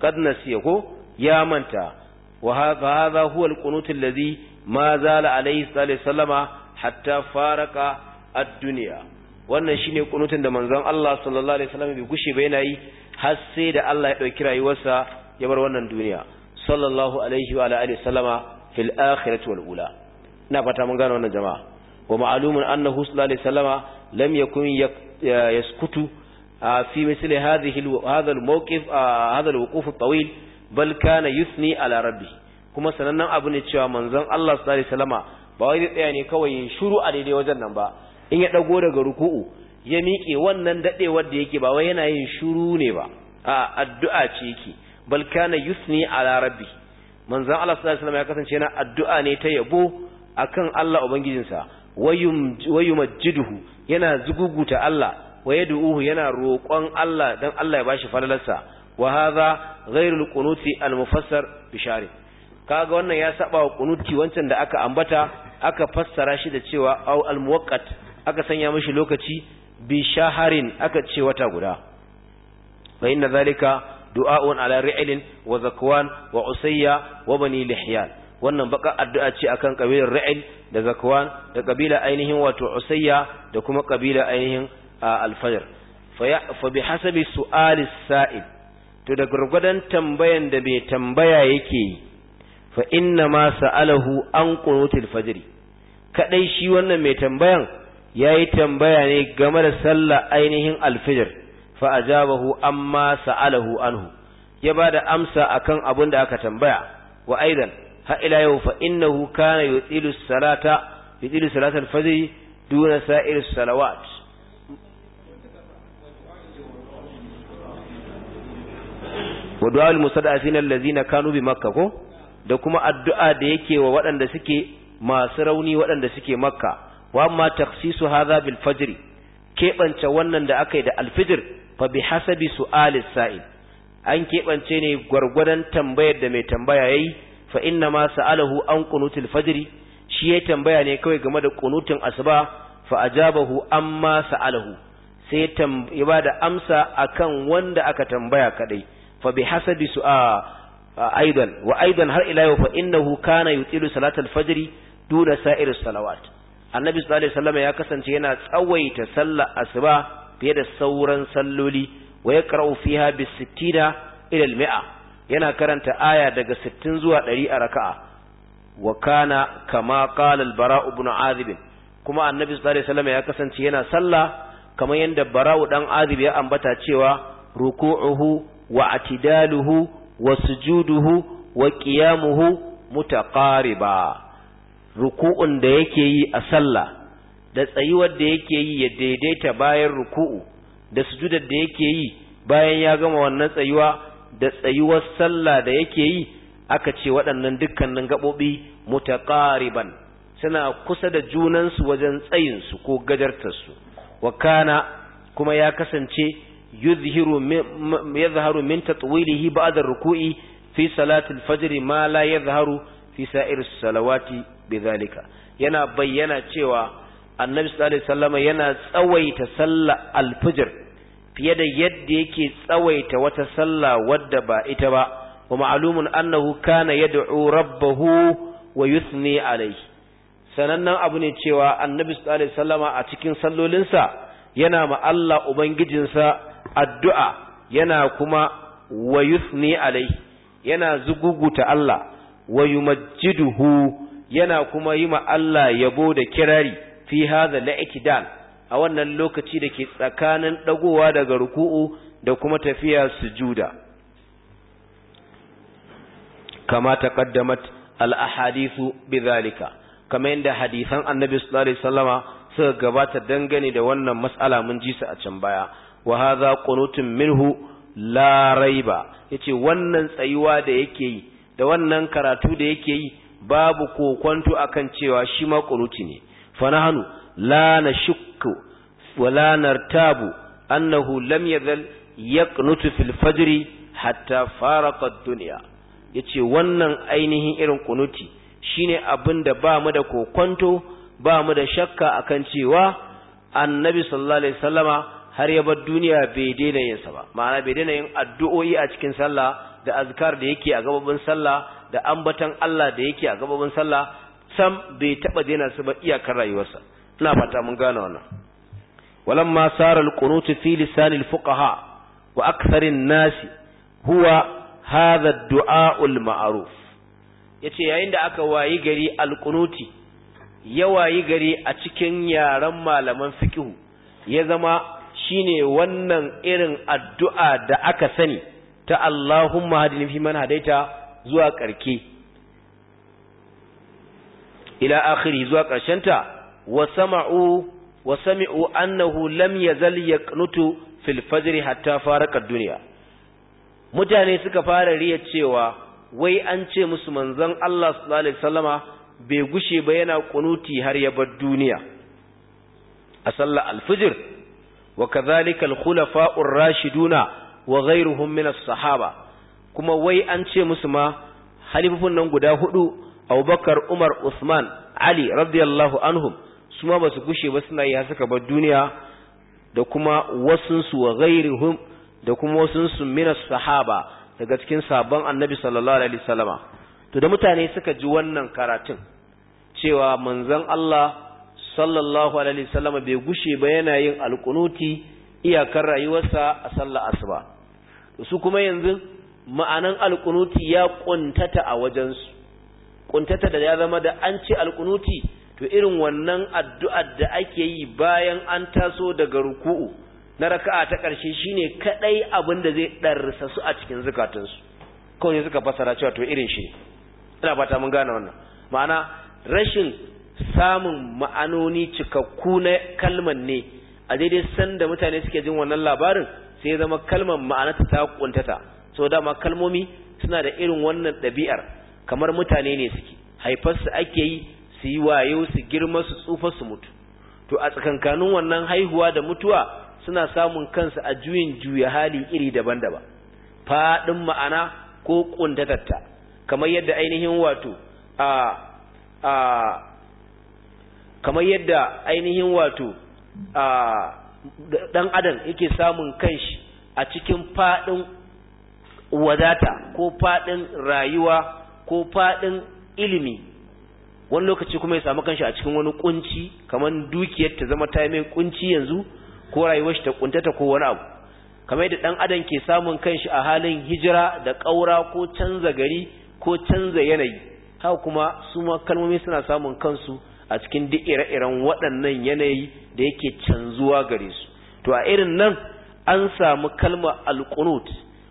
kad nasiya ko ya manta wa hadha huwa alqunut alladhi ma zala alayhi sallama hatta faraka ad-dunya wannan shine kunutun da manzon Allah sallallahu alaihi wasallam bai gushe ba yana yi har sai da Allah ya dauki rayuwarsa ya bar wannan duniya sallallahu alaihi wa alihi sallama fil akhirati wal ula ina fata mun gane wannan jama'a wa ma'lumun annahu sallallahu alaihi sallama lam yakun yaskutu fi misl hadhihi hadha al mawqif hadha al wuquf al tawil bal kana yuthni ala rabbih kuma sanannen abu ne cewa manzon Allah sallallahu alaihi sallama ba wai tsaya ne kawai yin shiru a daidai wajen nan ba in ya dago daga ruku'u ya miƙe wannan dadewar da yake ba wai yana yin shiru ne ba a addu'a ce yake bal kana yusni ala rabbi manzon Allah sallallahu alaihi wasallam ya kasance yana addu'a ne ta yabo akan Allah ubangijinsa wayumajjiduhu yana zuguguta Allah wayad'uhu yana roƙon Allah dan Allah ya bashi falalarsa wa hadha ghayrul qunuti al-mufassar bishari kaga wannan ya saba wa qunuti wancan da aka ambata aka fassara shi da cewa au al aka sanya mishi lokaci bi shaharin aka ce wata guda fa inna zalika du'a'un ala ra'ilin wa zakwan wa usayya wa bani lihyan wannan baka addu'a ce akan kabilar ra'il da zakwan da kabila ainihin wato usayya da kuma kabila ainihin al-fajr fa bi hasabi su'al sail to da gurgudan tambayan da bai tambaya yake yi fa inna ma sa'alahu an qunutil fajr kadai shi wannan mai tambayan yayi tambaya ne game da sallah ainihin al-fajr fa ajabahu amma sa'alahu anhu ya bada amsa akan abin da aka tambaya wa aidan ha ila yau fa innahu kana yutilu salata yutilu salata al-fajr duna sa'ir salawat wa du'a al-mustada'afina allazina kanu bi makkah ko da kuma addu'a da yake wa waɗanda suke masu rauni waɗanda suke makka wa amma takhsisu hadha bil fajr wannan da aka yi da alfijir fa bi hasabi su'alis sa'il an keɓance ne gwargwadon tambayar da mai tambaya yayi fa inna ma sa'alahu an qunutil fajri shi ya tambaya ne kawai game da qunutin asuba fa ajabahu amma sa'alahu sai ya ba da amsa akan wanda aka tambaya kadai fa bi hasabi su'a aidan wa aidan har ila yau fa innahu kana yutilu salatal fajri duna sa'ir salawat annabi sallallahu alaihi wasallam ya kasance yana tsawaita sallar asuba fiye da sauran salloli wa yaqra'u fiha bis sittina ila mi'a yana karanta aya daga sittin zuwa ɗari a raka'a wa kana kama qala al bara' ibn azib kuma annabi sallallahu alaihi wasallam ya kasance yana sallah kamar yanda bara'u dan azib ya ambata cewa ruku'uhu wa atidaluhu wa sujuduhu wa qiyamuhu mutaqariba ruku'un da yake yi a sallah da tsayuwar da yake yi ya daidaita bayan ruku'u da sujudar da yake yi bayan ya gama wannan tsayuwa da tsayuwar sallah da yake yi aka ce waɗannan dukkanin gaɓoɓi mutaqariban suna kusa da junansu wajen tsayinsu ko gajartarsu Wakana kuma ya kasance yuzhiru yadhharu min tatwilihi ba'da ruku'i fi salati al-fajr ma la yadhharu fi sa'ir salawati bidhalika yana bayyana cewa annabi sallallahu alaihi wasallam yana tsawaita sallar alfijir fiye da yadda yake tsawaita wata sallah wadda ba ita ba wa ma'lumun annahu kana yad'u rabbahu wa yuthni alayhi sanannen abu ne cewa annabi sallallahu alaihi wasallam a cikin sallolinsa yana ma Allah ubangijinsa addu'a yana kuma wa yuthni alayhi yana zuguguta Allah wa yumajjiduhu yana kuma yi ma Allah yabo da kirari fi hadha la'tidal a wannan lokaci da ke tsakanin dagowa daga ruku'u da kuma tafiya sujuda kama taqaddamat al-ahadithu bidhalika kama inda hadisan annabi sallallahu alaihi wasallama suka gabata dangane da wannan mas'ala mun ji su a can baya wa hadha qunutun minhu la raiba yace wannan tsayuwa da yake yi da wannan karatu da yake yi babu kokwanto akan cewa shi ma qunuti ne fa لا la ولا wa أنه لم annahu يقنط في الفجر حتى فارق hatta yace wannan ainihin irin kunuti shine abin da ba mu da kokonto ba mu da shakka akan cewa annabi sallallahu alaihi wasallama har ya bar duniya bai daina yin sa ba ma'ana bai daina yin addu'o'i a cikin sallah da azkar da yake a gababin sallah da ambatan Allah da yake a gababin sallah sam bai taba daina su ba iyakar rayuwarsa ina fata mun gane wannan walamma sara alqunut fi lisan alfuqaha wa akthar an huwa hadha ad-du'a al-ma'ruf yace yayin da aka wayi gari alqunuti ya wayi gari a cikin yaran malaman fiqh ya zama shine wannan irin addu'a da aka sani ta Allahumma hadini fi man hadaita zuwa karke ila akhiri zuwa ƙarshenta wa sama'u wa sami'u annahu lam yazal yaqnutu fil fajr hatta faraka dunya mutane suka fara riya cewa wai an ce musu manzon Allah sallallahu alaihi wasallama bai gushe ba yana kunuti har ya bar duniya a sallar alfijir wa kadhalika al-khulafa'u ar-rashiduna wa ghayruhum min as-sahaba kuma wai an ce musu ma halifufun nan guda hudu abubakar umar usman ali radiyallahu anhum su ma ba su gushe ba suna yi har suka bar duniya da kuma su wa ghairihum da kuma su min sahaba daga cikin sabon annabi sallallahu alaihi wasallama to da mutane suka ji wannan karatun cewa manzon Allah sallallahu alaihi wasallama bai gushe ba yana yin alqunuti iyakar rayuwarsa a sallar asuba su kuma yanzu ma'anan alqunuti ya kuntata a wajensu kuntata da ya zama da an ci alkunuti to irin wannan addu'ar da ake yi bayan an taso daga ruku'u na raka'a ta ƙarshe shine kadai abin da zai darsa su a cikin ko ne suka fasara cewa to irin shi ina fata mun gane wannan ma'ana rashin samun ma'anoni cikakku na kalman ne a daidai sanda mutane suke jin wannan labarin sai zama kalman ma'anata ta kuntata so dama kalmomi suna da irin wannan ɗabi'ar kamar mutane ne suke haifarsu ake yi su yi wayo su girma su tsufa su mutu to a tsakankanin wannan haihuwa da mutuwa suna samun kansu a juyin juya hali iri daban-daban faɗin ma'ana ko ƙuntatatta kamar yadda ainihin wato a a kamar yadda ainihin wato a ɗan adam yake samun kanshi a cikin faɗin wadata ko faɗin rayuwa ko faɗin ilimi wani lokaci kuma ya samu kanshi a cikin wani kunci kamar dukiyar ta zama ta mai kunci yanzu ko rayuwar shi ta kuntata ko wani abu kamar yadda dan adam ke samun kanshi a halin hijira da ƙaura ko canza gari ko canza yanayi haka kuma su ma kalmomi suna samun kansu a cikin duk ire-iren waɗannan yanayi da yake canzuwa gare su to a irin nan an samu kalmar alqunut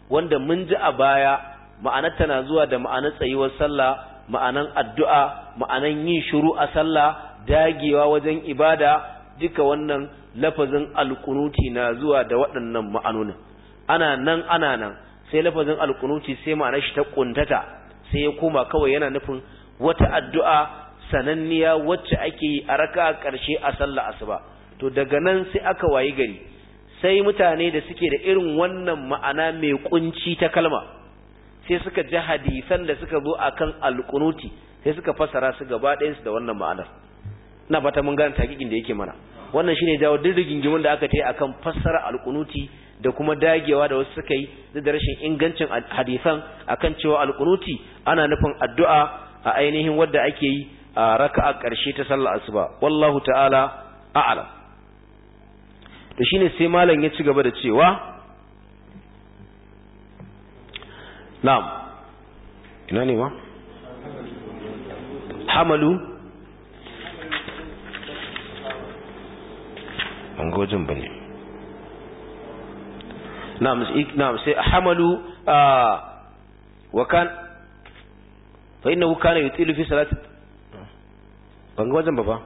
wanda mun ji a baya ma'anar tana zuwa da ma'anar tsayuwar sallah ma'anar addu'a ma'anar yin shiru a sallah dagewa wajen ibada duka wannan lafazin alkunuti na zuwa da waɗannan ma'anonin ana nan ana nan sai lafazin alkunuti sai ma'anar shi ta kuntata sai ya koma kawai yana nufin wata addu'a sananniya wacce ake yi a raka ƙarshe a sallah asuba to daga nan sai aka wayi gari sai mutane da suke da irin wannan ma'ana mai kunci ta kalma sai suka ji hadisan da suka zo akan alqunuti sai suka fassara su gaba ɗayan su da wannan ma'anar ina fata mun gane takikin da yake mana wannan shine jawo duk rigingimin da aka ta yi akan fassara alqunuti da kuma dagewa da wasu suka yi da rashin ingancin hadisan akan cewa alqunuti ana nufin addu'a a ainihin wadda ake yi a raka'a ƙarshe ta sallar asuba wallahu ta'ala a'lam to shine sai malam ya ci gaba da cewa na'am ina ne ma hamalu an gojin bane na'am na'am sai hamalu wa kan fa innahu kana yutilu fi salati ban ga wajen baba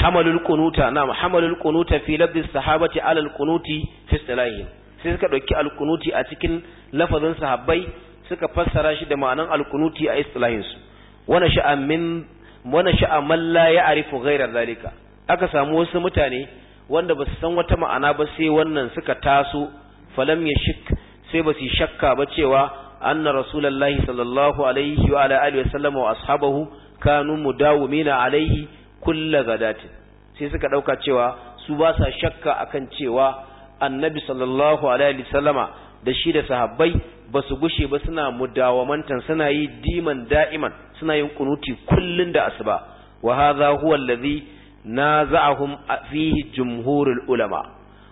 hamalul kunuta na'am hamalul kunuta fi labdi sahabati ala al kunuti fi salahihim sai suka ɗauki alkunuti a cikin lafazin sahabbai suka fassara shi da ma'anan alkunuti a istilahinsu wani sha'an min wani sha'an man la arifu ghairar zalika aka samu wasu mutane wanda ba su san wata ma'ana ba sai wannan suka taso falam ya shik sai ba su shakka ba cewa anna rasulullahi sallallahu alaihi wa ala alihi wasallam wa ashabahu kanu mudawmina alaihi kullu gadatin sai suka dauka cewa su ba sa shakka akan cewa annabi sallallahu alaihi wasallama da shi da sahabbai ba su gushe ba suna mudawamantan suna yi diman da'iman suna yin kunuti kullun da asuba wa hadha huwa allazi naza'ahum fihi jumhurul ulama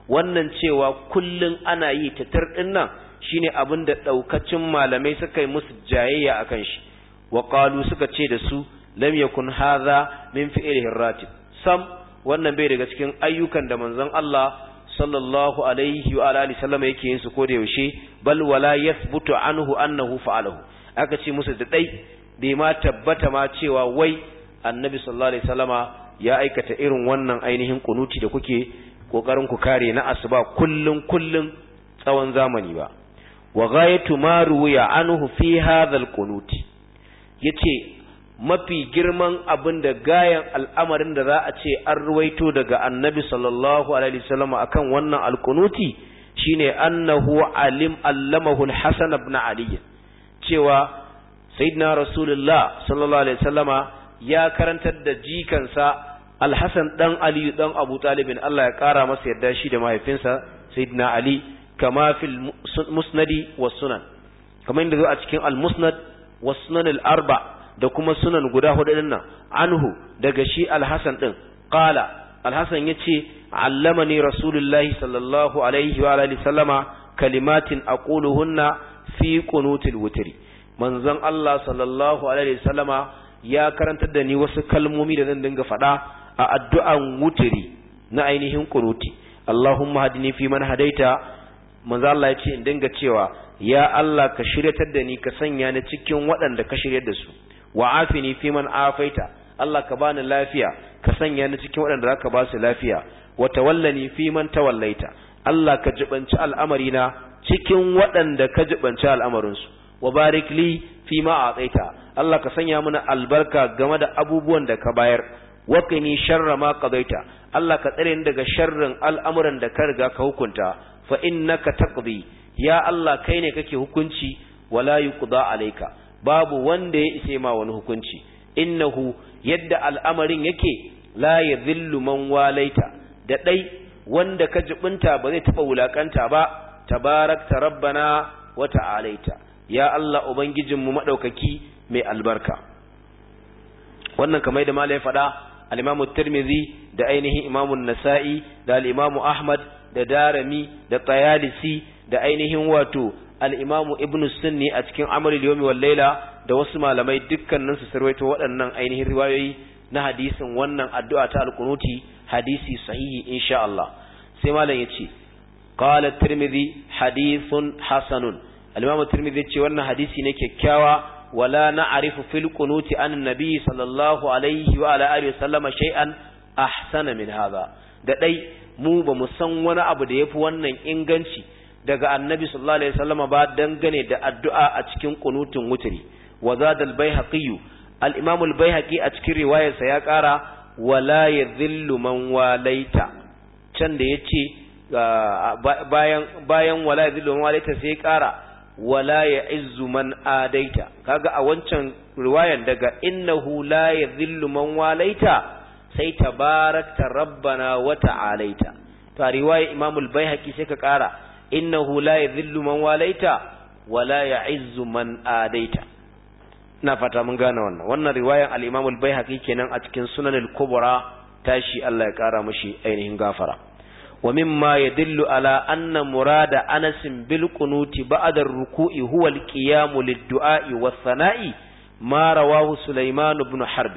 wannan cewa kullun ana yi ta tardin nan shine abin da daukacin malamai suka yi musu jayayya akan shi wa qalu suka ce da su lam yakun hadha min fi'lihi ratib sam wannan bai daga cikin ayyukan da manzon Allah sallallahu alaihi wa alihi sallama yake yin su ko da yaushe bal wala yathbutu anhu annahu fa'alahu aka ce musu da dai bai ma tabbata ma cewa wai annabi sallallahu alaihi sallama ya aikata irin wannan ainihin kunuti da kuke kokarin ku kare na asuba kullun kullun tsawon zamani ba wa ghayatu ma ruwiya anhu fi hadha al yace mafi girman abin da gayan al'amarin da za a ce an ruwaito daga annabi sallallahu alaihi wasallam kan wannan alkunuti shine annahu alim allamahu hasan ibn ali cewa sayyidina rasulullah sallallahu alaihi wasallama ya karantar da jikansa Alhassan dan ali dan abu talibin Allah ya kara masa yarda shi da mahaifinsa sayyidina ali kama fil musnadi was sunan kamar yadda zo a cikin al musnad was sunan al arba' da kuma sunan guda hudu din nan anhu daga shi alhasan din qala alhasan yace allamani rasulullahi sallallahu alaihi wa alihi sallama kalimatin aquluhunna fi qunutil witri manzon Allah sallallahu alaihi sallama ya karantar da ni wasu kalmomi da zan dinga faɗa a addu'an wutiri na ainihin qunuti Allahumma hadini fi man hadaita manzo Allah in dinga cewa ya Allah ka shiryatar da ni ka sanya ni cikin waɗanda ka shiryar da su wa afini fi man afaita Allah ka bani lafiya ka sanya ni cikin waɗanda zaka ba su lafiya wa tawallani fi man tawallaita Allah ka jibanci al'amarina cikin waɗanda ka jibanci al'amarinsu wa barik li fi ma ataita Allah ka sanya mana albarka game da abubuwan da ka bayar wa kini sharra ma qadaita Allah ka tsare ni daga sharrin al'amuran da ka riga ka hukunta fa innaka taqdi ya Allah kai ne kake hukunci wala yuqda alayka babu wanda ya ise ma wani hukunci innahu yadda al'amarin yake la zillu man walaita da ɗai wanda ka jibinta ba zai taɓa wulakanta ba tabarakta rabbana wa ta'alaita ya Allah ubangijinmu maɗaukaki mai albarka wannan kamar da malai faɗa al-Imam tirmidhi da ainihin Imam nasai da al-Imam Ahmad da Darami da Tayalisi da ainihin wato Al'imamu ibn sunni a cikin amali yawmi wal da wasu malamai dukkanin su sarwaito waɗannan ainihin riwayoyi na hadisin wannan addu'a ta alkunuti hadisi sahihi insha Allah sai malam yace ce, at-tirmidhi hadithun hasanun Al'imamu imam tirmidhi wannan hadisi ne kyakkyawa wala na fil qunuti an nabi sallallahu alaihi wa ala alihi sallama shay'an ahsana min hadha da dai mu ba mu san wani abu da yafi wannan inganci daga annabi sallallahu alaihi wasallam ba dangane da addu'a a cikin qunutun wutri wa zadal baihaqi al-imam al-baihaqi a cikin sa ya ƙara wala yadhillu man walaita can da yace bayan bayan wala yadhillu man walaita sai ya ƙara wala ya'izzu man adaita kaga a wancan riwayar daga innahu la yadhillu man walaita sai tabarakta rabbana wa ta'alaita to riwayar imam al-baihaqi sai ka ƙara innahu la yadhillu man walaita wa la ya'izzu man adaita ina fata mun gane wannan wannan riwayan al-Imam al-Baihaqi kenan a cikin Sunan al-Kubra tashi Allah ya kara mishi ainihin gafara wa mimma yadullu ala anna murada Anas bil qunuti ba'da rukui huwa al qiyam lid-du'a'i was-sana'i ma rawahu Sulaiman ibn Harb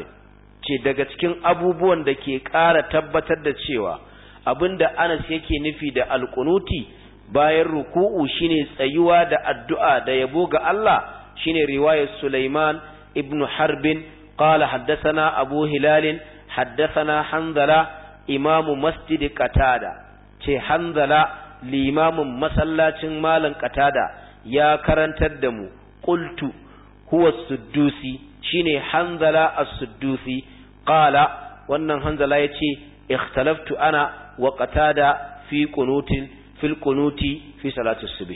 ce daga cikin abubuwan da ke ƙara tabbatar da cewa abinda Anas yake nufi da al-qunuti bayan ruku'u shine tsayuwa da addu'a da yabo ga Allah shine riwayar Sulaiman ibn Harbin ƙala haddathana Abu Hilal haddathana Hanzala imamu masjid Katada ce Hanzala limamin masallacin malam Katada ya karantar da mu qultu huwa suddusi shine Hanzala as-suddusi wannan Hanzala ce ikhtalaftu ana wa Qatada fi fil kunuti fi subh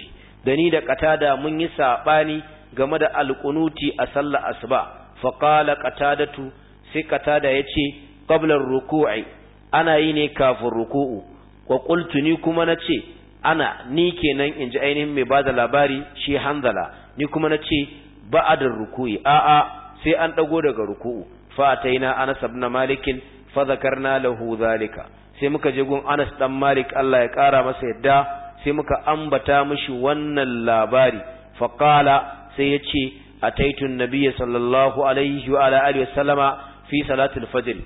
da ni da qatada mun yi sabani game da al kunuti a sallar asuba fa qala qatadatu sai qatada yace qabla ruku'i ana yi ne kafin ruku'u wa qultu ni kuma nace ana ni kenan ji ainihin mai da labari shi hanzala ni kuma nace ba'adar ruku'i a'a sai an dago daga ruku'u fa ataina anas ibn malikin fa zakarna lahu zalika sai muka je gun Anas dan Malik Allah ya ƙara masa yadda sai muka ambata mishi wannan labari fa qala sai yace ataitu an-nabiy sallallahu alaihi wa alihi wasallama fi salatul fajr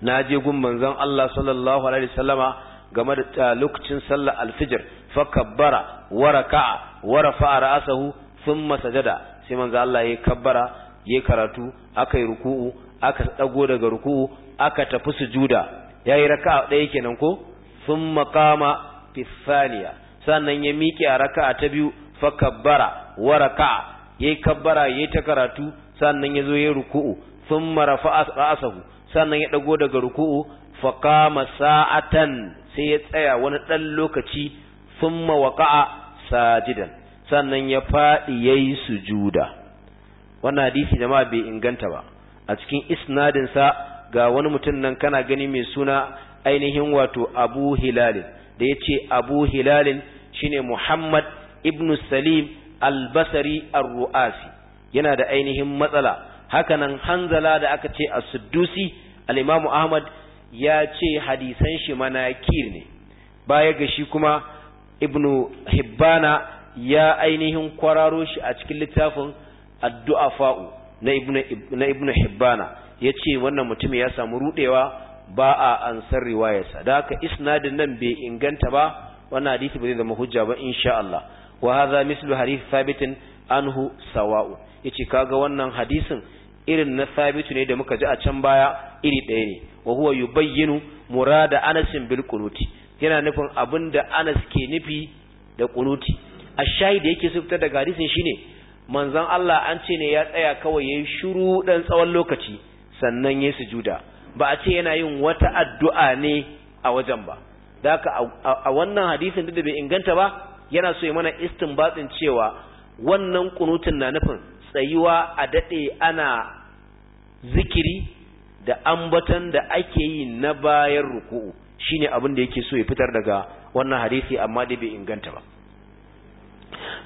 na je gun manzon Allah sallallahu alaihi wasallama game da lokacin sallar alfijir fa kabbara wa raka'a wa rafa'a ra'sahu thumma sajada sai manzon Allah ya kabbara ya karatu aka yi ruku'u aka dago daga ruku'u aka tafi sujuda yayi raka'a ɗaya kenan ko thumma qama fi sannan ya miƙe a raka'a ta biyu fa kabbara wa raka'a yayi kabbara yayi ta karatu sannan ya zo yayi ruku'u thumma rafa'a ra'sahu sannan ya dago daga ruku'u fa qama sa'atan sai ya tsaya wani ɗan lokaci thumma waqa'a sajidan sannan ya faɗi yayi sujuda wannan hadisi jama'a bai inganta ba a cikin isnadin ga wani mutum nan kana gani mai suna ainihin wato abu hilalin da ya ce abu hilalin shine muhammad ibn salim albasari ar-ru'asi yana da ainihin matsala hakanan hanzala da aka ce a suddusi al'imamu ahmad ya ce hadisan shi manakir ne baya ga shi kuma ibn hibbana ya ainihin kwararo shi a cikin littafin addu'a fa'u na ibnu hibbana ya ce wannan mutum ya samu rudewa ba a ansar riwayarsa da haka isnadin nan bai inganta ba wannan hadisi ba zai zama hujja ba insha Allah wa hadha mislu hadith thabitin anhu sawa'u yace kaga wannan hadisin irin na thabitu ne da muka ji a can baya iri ɗaya ne wa huwa yubayyinu murada Anas bil qunuti yana nufin abinda Anas ke nufi da qunuti ashai da yake sufta daga hadisin shine manzon Allah an ce ne ya tsaya kawai yayin shiru dan tsawon lokaci sannan ya sujuda ba a ce yana yin wata addu'a ne a wajen ba da haka a wannan hadisin duk da bai inganta ba yana so ya mana istinbatin cewa wannan kunutun na nufin tsayuwa a dade ana zikiri da ambatan da ake yi na bayan ruku'u shine abin da yake so ya fitar daga wannan hadisi amma dai bai inganta ba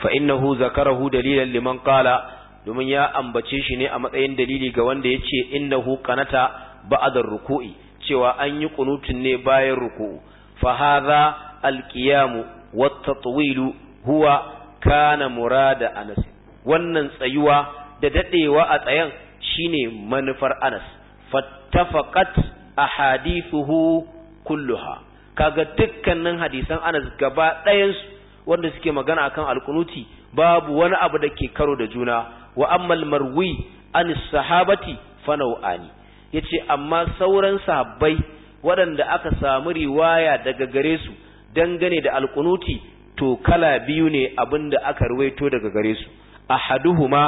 fa innahu zakarahu dalilan liman qala domin ya ambace shi ne a matsayin dalili ga wanda ya ce innahu kanata ba'adar ruku'i cewa an yi kunutun ne bayan ruku'u fa hadha alqiyamu wat huwa kana murada Anas wannan tsayuwa da dadewa a tsayan shine manufar Anas fattafaqat ahadithuhu kulluha kaga dukkanin hadisan Anas gaba ɗayansu wanda suke magana akan alkunuti babu wani abu da ke karo da juna wa ammal marwi an sahabati fa nau'ani yace amma sauran sahabbai waɗanda aka samu riwaya daga gare su dangane da alqunuti to kala biyu ne abinda aka ruwaito daga gare su ahaduhuma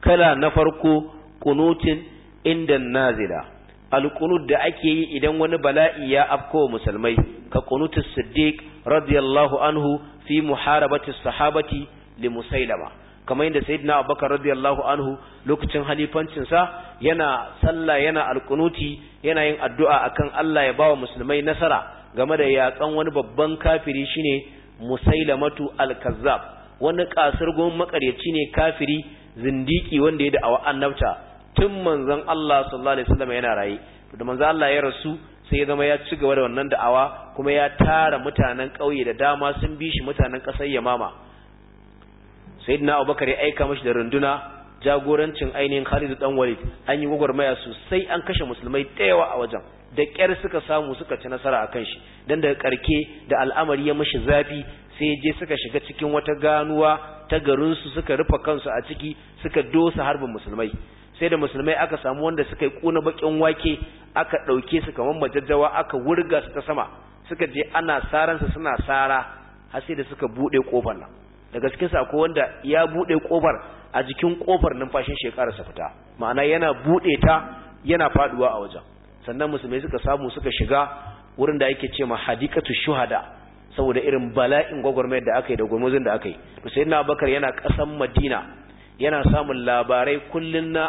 kala na farko qunutin inda nazila alqunud da ake yi idan wani bala'i ya afko musulmai ka qunutus siddiq radiyallahu anhu fi muharabati sahabati li musailama kamar yadda sayyidina abubakar radiyallahu anhu lokacin halifancinsa yana sallah yana alkunuti yana yin addu'a a kan Allah ya ba wa musulmai nasara game da yaƙan wani babban kafiri shi ne musailamatu al-kazzab wani kasar gon makaryaci ne kafiri zindiki wanda ya da'awa annabta tun manzan Allah sallallahu alaihi wasallam yana raye da manzan Allah ya rasu sai ya zama ya ci gaba da'awa kuma ya tara mutanen ƙauye da dama sun bi shi mutanen ƙasar Yamama sayyidina abubakar ya aika mashi da runduna jagorancin ainihin Khalid dan Walid an yi gwagwarmaya sosai an kashe musulmai da yawa a wajen da kyar suka samu suka ci nasara akan shi dan daga karke da al'amari ya mashi zafi sai je suka shiga cikin wata ganuwa ta garin su suka rufe kansu a ciki suka dosa harbin musulmai sai da musulmai aka samu wanda suka yi kuna bakin wake aka dauke su kamar majajjawa aka wurga su ta sama suka je ana saransa suna sara har sai da suka bude kofar nan da gaske sa akwai wanda ya bude kofar a jikin kofar numfashin shi ya karasa fita ma'ana yana bude ta yana faduwa a wajen sannan musulmai suka samu suka shiga wurin da ake ce ma hadikatu shuhada saboda irin bala'in gwagwarmayar da aka yi da gwamnatin da aka yi to na bakar yana kasan madina yana samun labarai kullun na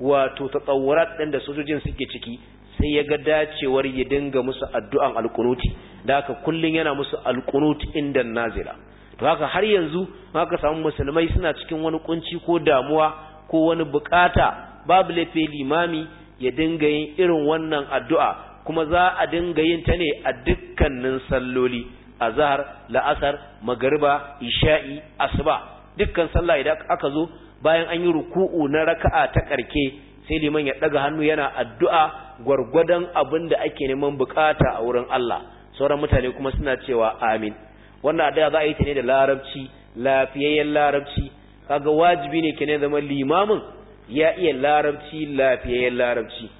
wato tatsawurat din da sojojin suke ciki sai ya ga dacewar ya dinga musu addu'an alkunuti da haka kullun yana musu alkunuti inda nazira to haka har yanzu haka samu musulmai suna cikin wani kunci ko damuwa ko wani bukata babu lafe limami ya dinga yin irin wannan addu'a kuma za a dinga yin ta ne a dukkanin salloli azhar la'asar magariba isha'i asuba dukkan sallah idan aka zo bayan an yi ruku'u na raka'a ta karke sai liman ya daga hannu yana addu'a gwargwadon abinda ake neman bukata a wurin Allah sauran mutane kuma suna cewa amin wannan da za a yi ta ne da larabci lafiyayyen larabci kaga wajibi ne kene zama limamin ya iya larabci lafiyayyen larabci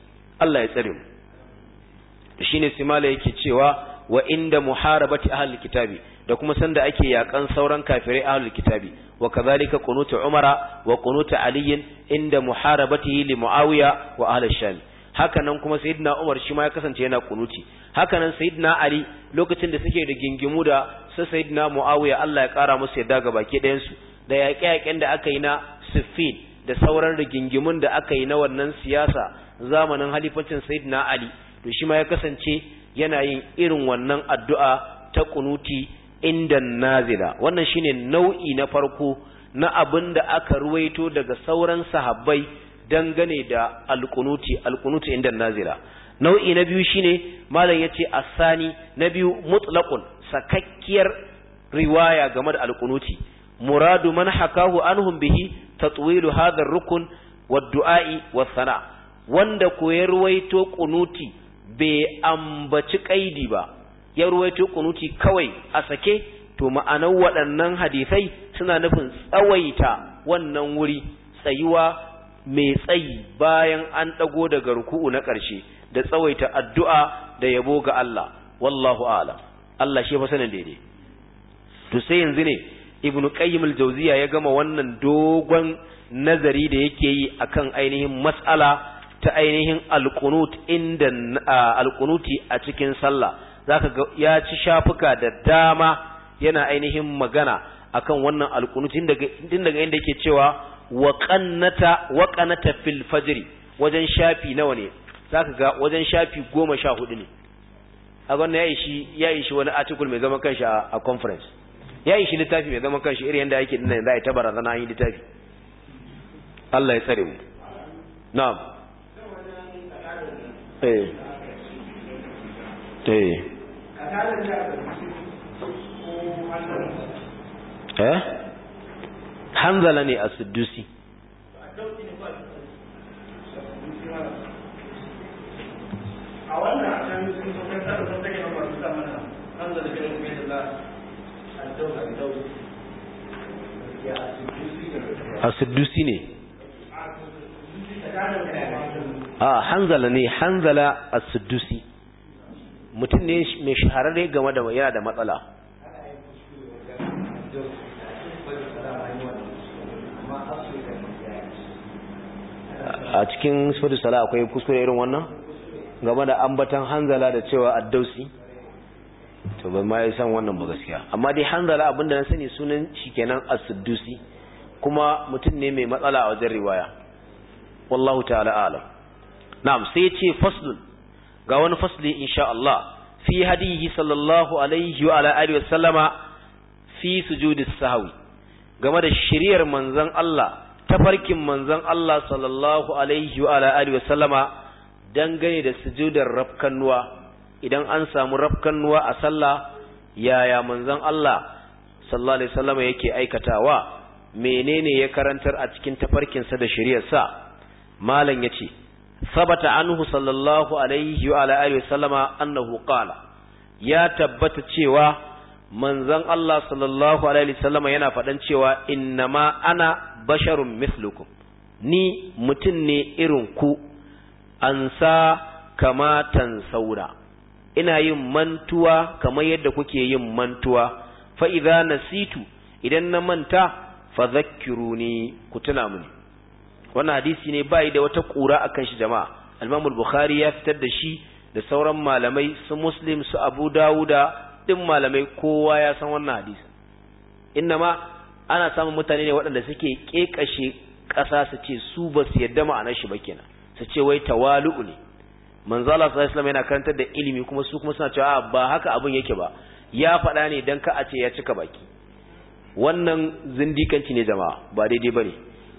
Allah ya tsare mu shine simala yake cewa wa inda muharabati ahlul kitabi da kuma sanda ake yakan sauran kafirai ahlul kitabi wa kadhalika qunutu umara wa qunutu aliyin inda muharabati li muawiya wa ahli sham hakanan kuma sayyidina Umar shi ma ya kasance yana kunuti hakanan nan sayyidina Ali lokacin da suke da gingimu da su sayyidina Muawiya Allah ya kara musu yadda ga baki ɗayan su da yaƙe-yaƙen da aka yi na Siffin da sauran rigingimun da aka yi na wannan siyasa zamanin halifacin sayyidina Ali to shi ma ya kasance yana yin irin wannan addu'a ta kunuti inda nazila wannan shine nau'i na farko na abin da aka ruwaito daga sauran sahabbai dangane da alkunuti alkunuti inda nazira nau'i na biyu shine malam yace asani na biyu mutlaqun sakakkiyar riwaya game da alkunuti muradu man hakahu anhum bihi tatwilu hadha ar-rukn wad-du'a'i sana wanda ko ya ruwaito kunuti bai ambaci kaidi ba ya ruwaito kunuti kawai a sake to ma'anar waɗannan hadisai suna nufin tsawaita wannan wuri tsayuwa mai tsayi bayan an ɗago daga ruku'u na ƙarshe da tsawaita addu'a da yabo ga Allah wallahu a'lam Allah shi fa sanin daidai to sai yanzu ne Ibn qayyim al-jawziya ya gama wannan dogon nazari da yake yi a kan ainihin matsala ta ainihin al-qunut inda al a cikin sallah zaka ga ya ci shafuka da dama yana ainihin magana akan wannan al inda daga inda yake cewa wa qannata wa qanata fil fajr wajen shafi nawa ne zaka ga wajen shafi 14 ne a wannan ya ishi ya ishi wani article mai zaman kanshi a conference ya ishi littafi mai zaman kanshi irin yanda yake dinnan za a tabara zana yi littafi Allah ya tsare mu na'am eh eh eh hanzala ne a sudusi a sudusi ne a hanzala ne hanzala a sudusi mutum ne mai shahararre game da yana da matsala a cikin sifatu sala akwai kuskure irin wannan game da ambatan hanzala da cewa addausi to ban ma yi san wannan ba gaskiya amma dai hanzala abinda na sani sunan shi kenan as-siddusi kuma mutum ne mai matsala a wajen riwaya wallahu ta'ala alam na'am sai ya ce faslun ga wani fasli insha Allah fi hadihi sallallahu alaihi wa ala alihi wa sallama fi sujudis sahwi game da shiriyar manzon Allah tafarkin manzon Allah sallallahu alaihi wa ala alihi wasallama dangane da sujudar rafkannuwa idan an samu rafkannuwa a sallah yaya manzon Allah sallallahu alaihi wasallama yake aikatawa menene ya karantar a cikin tafarkin sa da shari'ar sa malam yace sabata anhu sallallahu alaihi wa ala alihi sallama annahu qala ya tabbata cewa Manzan Allah sallallahu alaihi wasallama yana faɗan cewa innama ana basharun mislukum ni mutum ne irin ku ansa kamatan saura. ina yin mantuwa kamar yadda kuke yin mantuwa fa idza nasitu idan na manta fazakiru ne ku tuna mini wannan hadisi ne bai da wata kura akan shi jama'a al bukhari ya fitar da shi da sauran malamai su Muslim su Abu Dawuda din malamai kowa ya san wannan hadisin innama ana samun mutane ne waɗanda suke ƙeƙashe ƙasa su ce su ba su yarda ma'anar shi ba kenan su ce wai tawalu'u ne manzo Allah sallallahu alaihi yana karantar da ilimi kuma su kuma suna cewa ba haka abin yake ba ya faɗa ne dan ka a ce ya cika baki wannan zindikanci ne jama'a ba daidai bane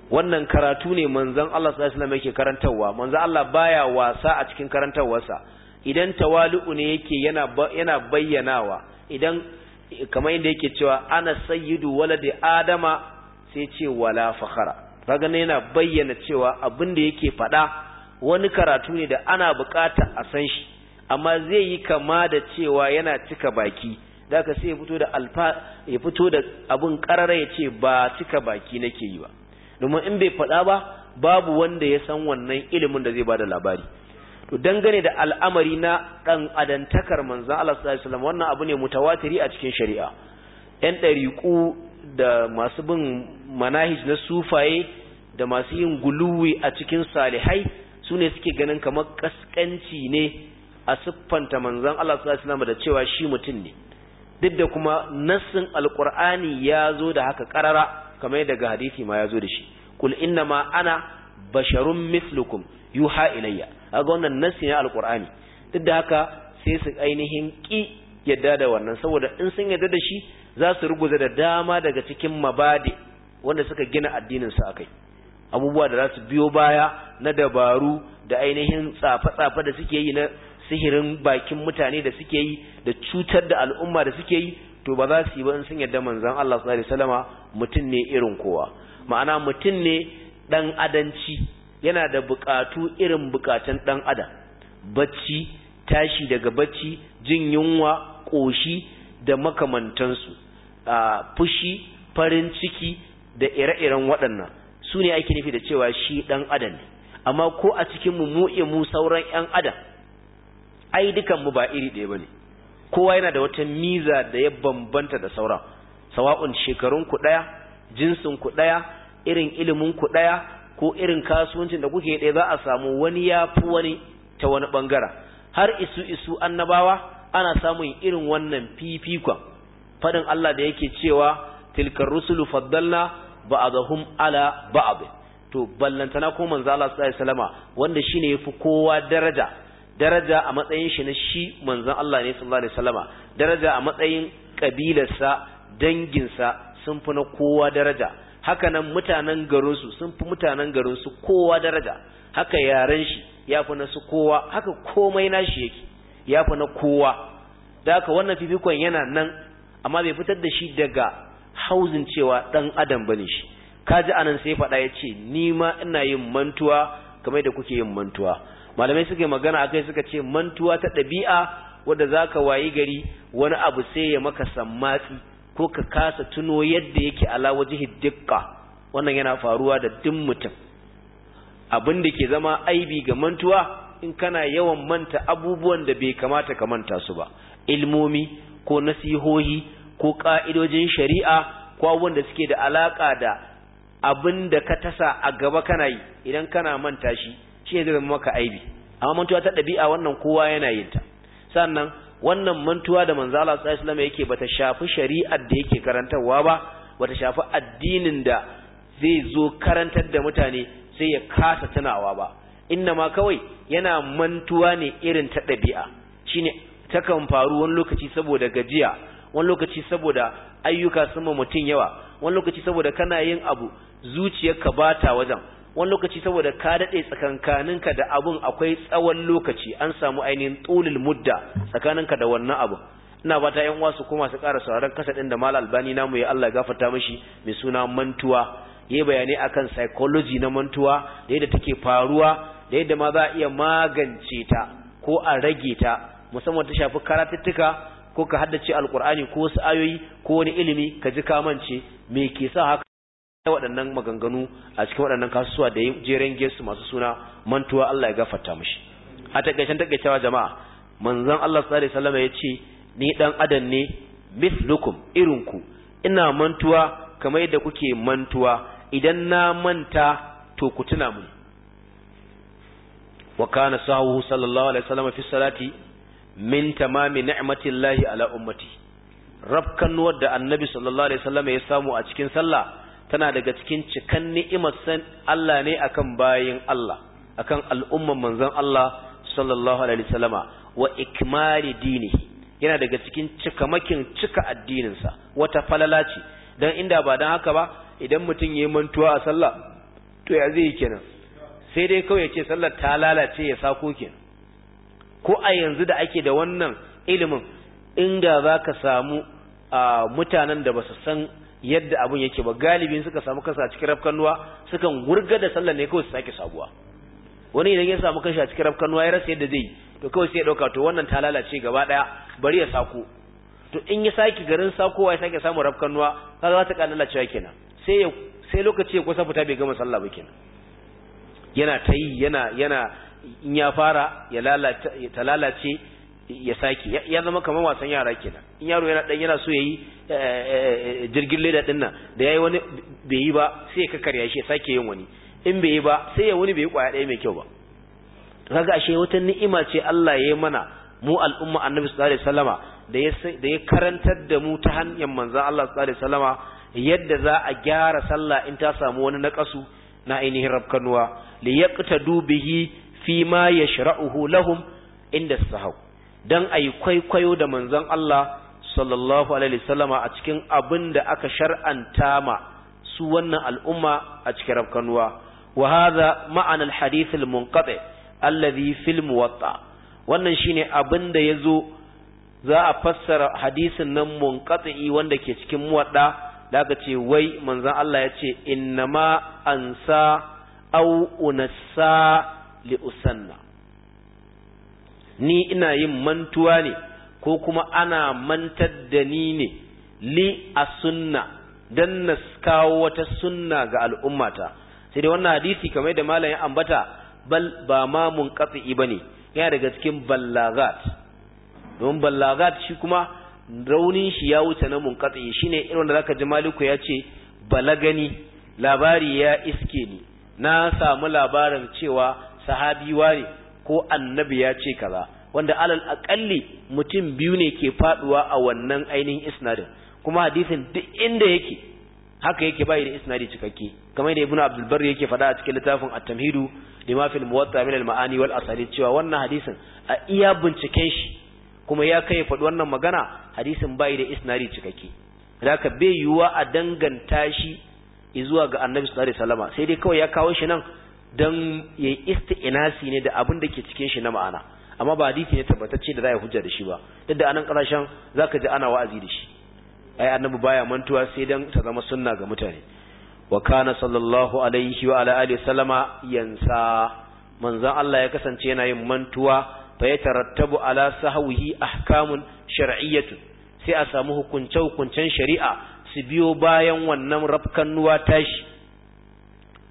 wannan karatu ne manzon Allah sallallahu alaihi wasallam yake karantarwa manzo Allah baya wasa a cikin karantarwarsa idan tawali'u ne yake yana bayyanawa idan kamar yadda yake cewa ana sayyidu waladi adama sai ce wala fakhara kaga ne yana bayyana cewa abin da yake faɗa wani karatu ne da ana bukata a san shi amma zai yi kama da cewa yana cika baki daga sai ya fito da alfa ya fito da abin karara ya ce ba cika baki nake yi ba domin in bai faɗa ba babu wanda ya san wannan ilimin da zai bada labari to dangane da al'amari na dan adantakar manzo Allah sallallahu alaihi wasallam wannan abu ne mutawatiri a cikin shari'a ɗan ɗariƙu da masu bin manahij na sufaye da masu yin guluwi a cikin salihai su ne suke ganin kamar kaskanci ne a siffanta manzon Allah sallallahu alaihi da cewa shi mutum ne duk da kuma nassin alqur'ani ya zo da haka karara kamar daga hadisi ma ya zo da shi kul inna ma ana basharun mislukum yuha ilayya kaga wannan nasi ne alqur'ani duk da haka sai su ainihin ki yadda da wannan saboda in sun yadda da shi za su ruguza da dama daga cikin mabadi wanda suka gina addinin su akai abubuwa da za su biyo baya na dabaru da ainihin tsafa-tsafa da suke yi na sihirin bakin mutane da suke yi da cutar da al'umma da suke yi to ba za su yi ba in sun yadda manzon Allah sallallahu alaihi wasallama mutum ne irin kowa ma'ana mutum ne dan adanci yana da bukatu irin bukatun dan adam bacci tashi daga bacci jin yunwa koshi da makamantansu fushi farin ciki da ire-iren waɗannan su ne ake nufi da cewa shi ɗan adam ne amma ko a cikin mu mu mu sauran yan adam ai dukan mu ba iri ɗaya bane kowa yana da wata miza da ya bambanta da sauran sawa'un shekarun ku ɗaya jinsin ku ɗaya irin ilimin ku ɗaya ko irin kasuwancin da kuke ɗaya za a samu wani ya fi wani ta wani ɓangaren har isu isu annabawa ana samun irin wannan fifikon faɗin Allah da yake cewa tilkar rusulu faddalna ba'adahum ala ba'ad to ballantana ko manzo Allah sallallahu alaihi wasallama wanda shine yafi kowa daraja daraja a matsayin shi na shi manzon Allah ne sallallahu alaihi wasallama daraja a matsayin kabilarsa danginsa sun fi na kowa daraja haka nan mutanen garinsu sun fi mutanen garinsu kowa daraja haka yaren shi ya fi na su kowa haka komai nashi yake ya fi na kowa da haka wannan fifikon yana nan amma bai fitar da shi daga hauzin cewa ɗan adam bane shi kaji anan sai faɗa ya ce ni ma ina yin mantuwa kamar da kuke yin mantuwa malamai suka yi magana akai suka ce mantuwa ta ɗabi'a wadda za ka wayi gari wani abu sai ya maka sammatsi ko ka kasa tuno yadda yake ala wajhi Dukka wannan yana faruwa da duk mutum abin da ke zama aibi ga mantuwa in kana yawan manta abubuwan da bai kamata ka manta su ba ilmomi ko nasihohi ko ka'idojin shari'a ko abubuwan suke da alaka da abin da ka tasa a gaba kana yi idan kana manta shi shi ne zai maka aibi amma mantuwa ta ɗabi'a wannan kowa yana yin ta sannan wannan mantuwa da manzo Allah sallallahu alaihi wasallam yake bata shafi shari'ar da yake karantarwa ba bata shafi addinin da zai zo karantar da mutane sai ya kasa tunawa ba inna ma kawai yana mantuwa ne irin ta ɗabi'a shine takan faru wani lokaci saboda gajiya wani lokaci saboda ayyuka sama mutum yawa wani lokaci saboda kana yin abu zuciyarka bata wajen wani lokaci saboda ka daɗe tsakankaninka da abun akwai tsawon lokaci an samu ainihin tulul mudda tsakanin ka da wannan abu ina ba ta yan su kuma su ƙara sauraron kasa ɗin da mal albani namu ya Allah gafarta mishi mai suna mantuwa yayi bayanai akan psychology na mantuwa da yadda take faruwa da yadda ma za a iya magance ta ko a rage ta musamman ta shafi karatuttuka ko ka haddace alkur'ani ko wasu ayoyi ko wani ilimi ka ji ka mance me ke sa haka ta waɗannan maganganu a cikin waɗannan kasuwa da jeren gesu masu suna mantuwa Allah ya gafarta mushi a takaicen takaicewa jama'a manzon Allah sallallahu alaihi wasallam ya ce ni dan adam ne mithlukum irinku ina mantuwa kamar yadda kuke mantuwa idan na manta to ku tuna mu wa kana sahu sallallahu alaihi wasallam fi salati min tamami ni'matillahi ala ummati rabkan wadda annabi sallallahu alaihi wasallam ya samu a cikin sallah tana daga cikin cikan ni'imar san Allah ne akan bayin Allah akan al'umman manzon Allah sallallahu alaihi wasallama wa ikmali dinihi yana daga cikin cikamakin cika addininsa wata falala ce dan inda ba dan haka ba idan mutum yayi mantuwa a sallah to ya zai kenan sai dai kawai ya ce sallar ta lalace ya sako kenan ko a yanzu da ake da wannan ilimin inda zaka samu a mutanen da basu san yadda abun yake ba galibin suka samu kansa a cikin rafkan ruwa sukan wurga da sallar ne kawai su sake sabuwa wani idan ya samu kansa a cikin rafkan ya rasa yadda zai to kawai sai ya dauka to wannan ta lalace gaba daya bari ya sako to in ya saki garin sako ya sake samu rafkan ruwa kaga za ta kana lalacewa kenan sai ya sai lokaci ya kusa fita bai gama sallah ba kenan yana ta yi yana yana in ya fara ya lalace ta lalace ya saki ya zama kamar wasan yara kenan in yaro yana dan yana so yayi eh, eh, eh, jirgin leda din nan da yayi wani bai yi ba sai ya kakkarya shi ya sake yin wani in bai yi ba sai ya wani bai yi kwaya ɗaya mai kyau ba kaga ashe wata ni'ima ce Allah ya mana mu al'umma annabi sallallahu alaihi wasallama da ya da ya karantar da mu ta hanyar manzon Allah sallallahu alaihi wasallama yadda za a gyara sallah in ta samu wani nakasu na ainihin rabkanuwa liyaqtadu bihi fi ma yashra'uhu lahum inda sahau dan ayi kwaikwayo da manzon Allah sallallahu alaihi wasallama a cikin abin da aka shar'anta ma su wannan al'umma a cikin rafkanuwa wa haza ma'anar al-hadith al-munqati alladhi wannan shi wannan shine abin da yazo za a fassara hadisin nan munqati wanda ke cikin muwaɗa da aka ce wai manzon Allah ya ce innama ansa au unassa li usanna ni ina yin mantuwa ne ko kuma ana mantar da ni ne li a sunna dan na kawo wata sunna ga al'ummata sai dai wannan hadisi kamar da malam ya ambata bal ba ma mun ba bane yana daga cikin ballagat don ballagat shi kuma raunin shi ya wuce na mun Shi shine irin wanda zaka ji maliku ya ce balagani labari ya iske ni na samu labarin cewa sahabi ne ko annabi ya ce kaza wanda alal akalli mutum biyu ne ke faduwa a wannan ainihin isnadin kuma hadisin duk inda yake haka yake bai da isnadi cikakke kamar da ibnu abdul barri yake faɗa a cikin littafin at-tamhidu lima fil muwatta min al-ma'ani wal asali cewa wannan hadisin a iya binciken shi kuma ya kai faɗi wannan magana hadisin bai da isnadi cikakke zaka bai yiwuwa a danganta shi zuwa ga annabi sallallahu alaihi wasallam sai dai kawai ya kawo shi nan don ya yi isti'inasi ne da abin da ke cikin shi na ma'ana amma ba hadisi ne tabbatacce da za a hujja da shi ba duk da anan kasashen za ka ji ana wa'azi da shi ai annabi baya mantuwa sai dan ta zama sunna ga mutane wa kana sallallahu alaihi wa ala alihi sallama yansa manzon Allah ya kasance yana yin mantuwa fa tarattabu ala sahwihi ahkamun shar'iyyatu sai a samu hukunce hukuncen shari'a su biyo bayan wannan rafkan nuwa tashi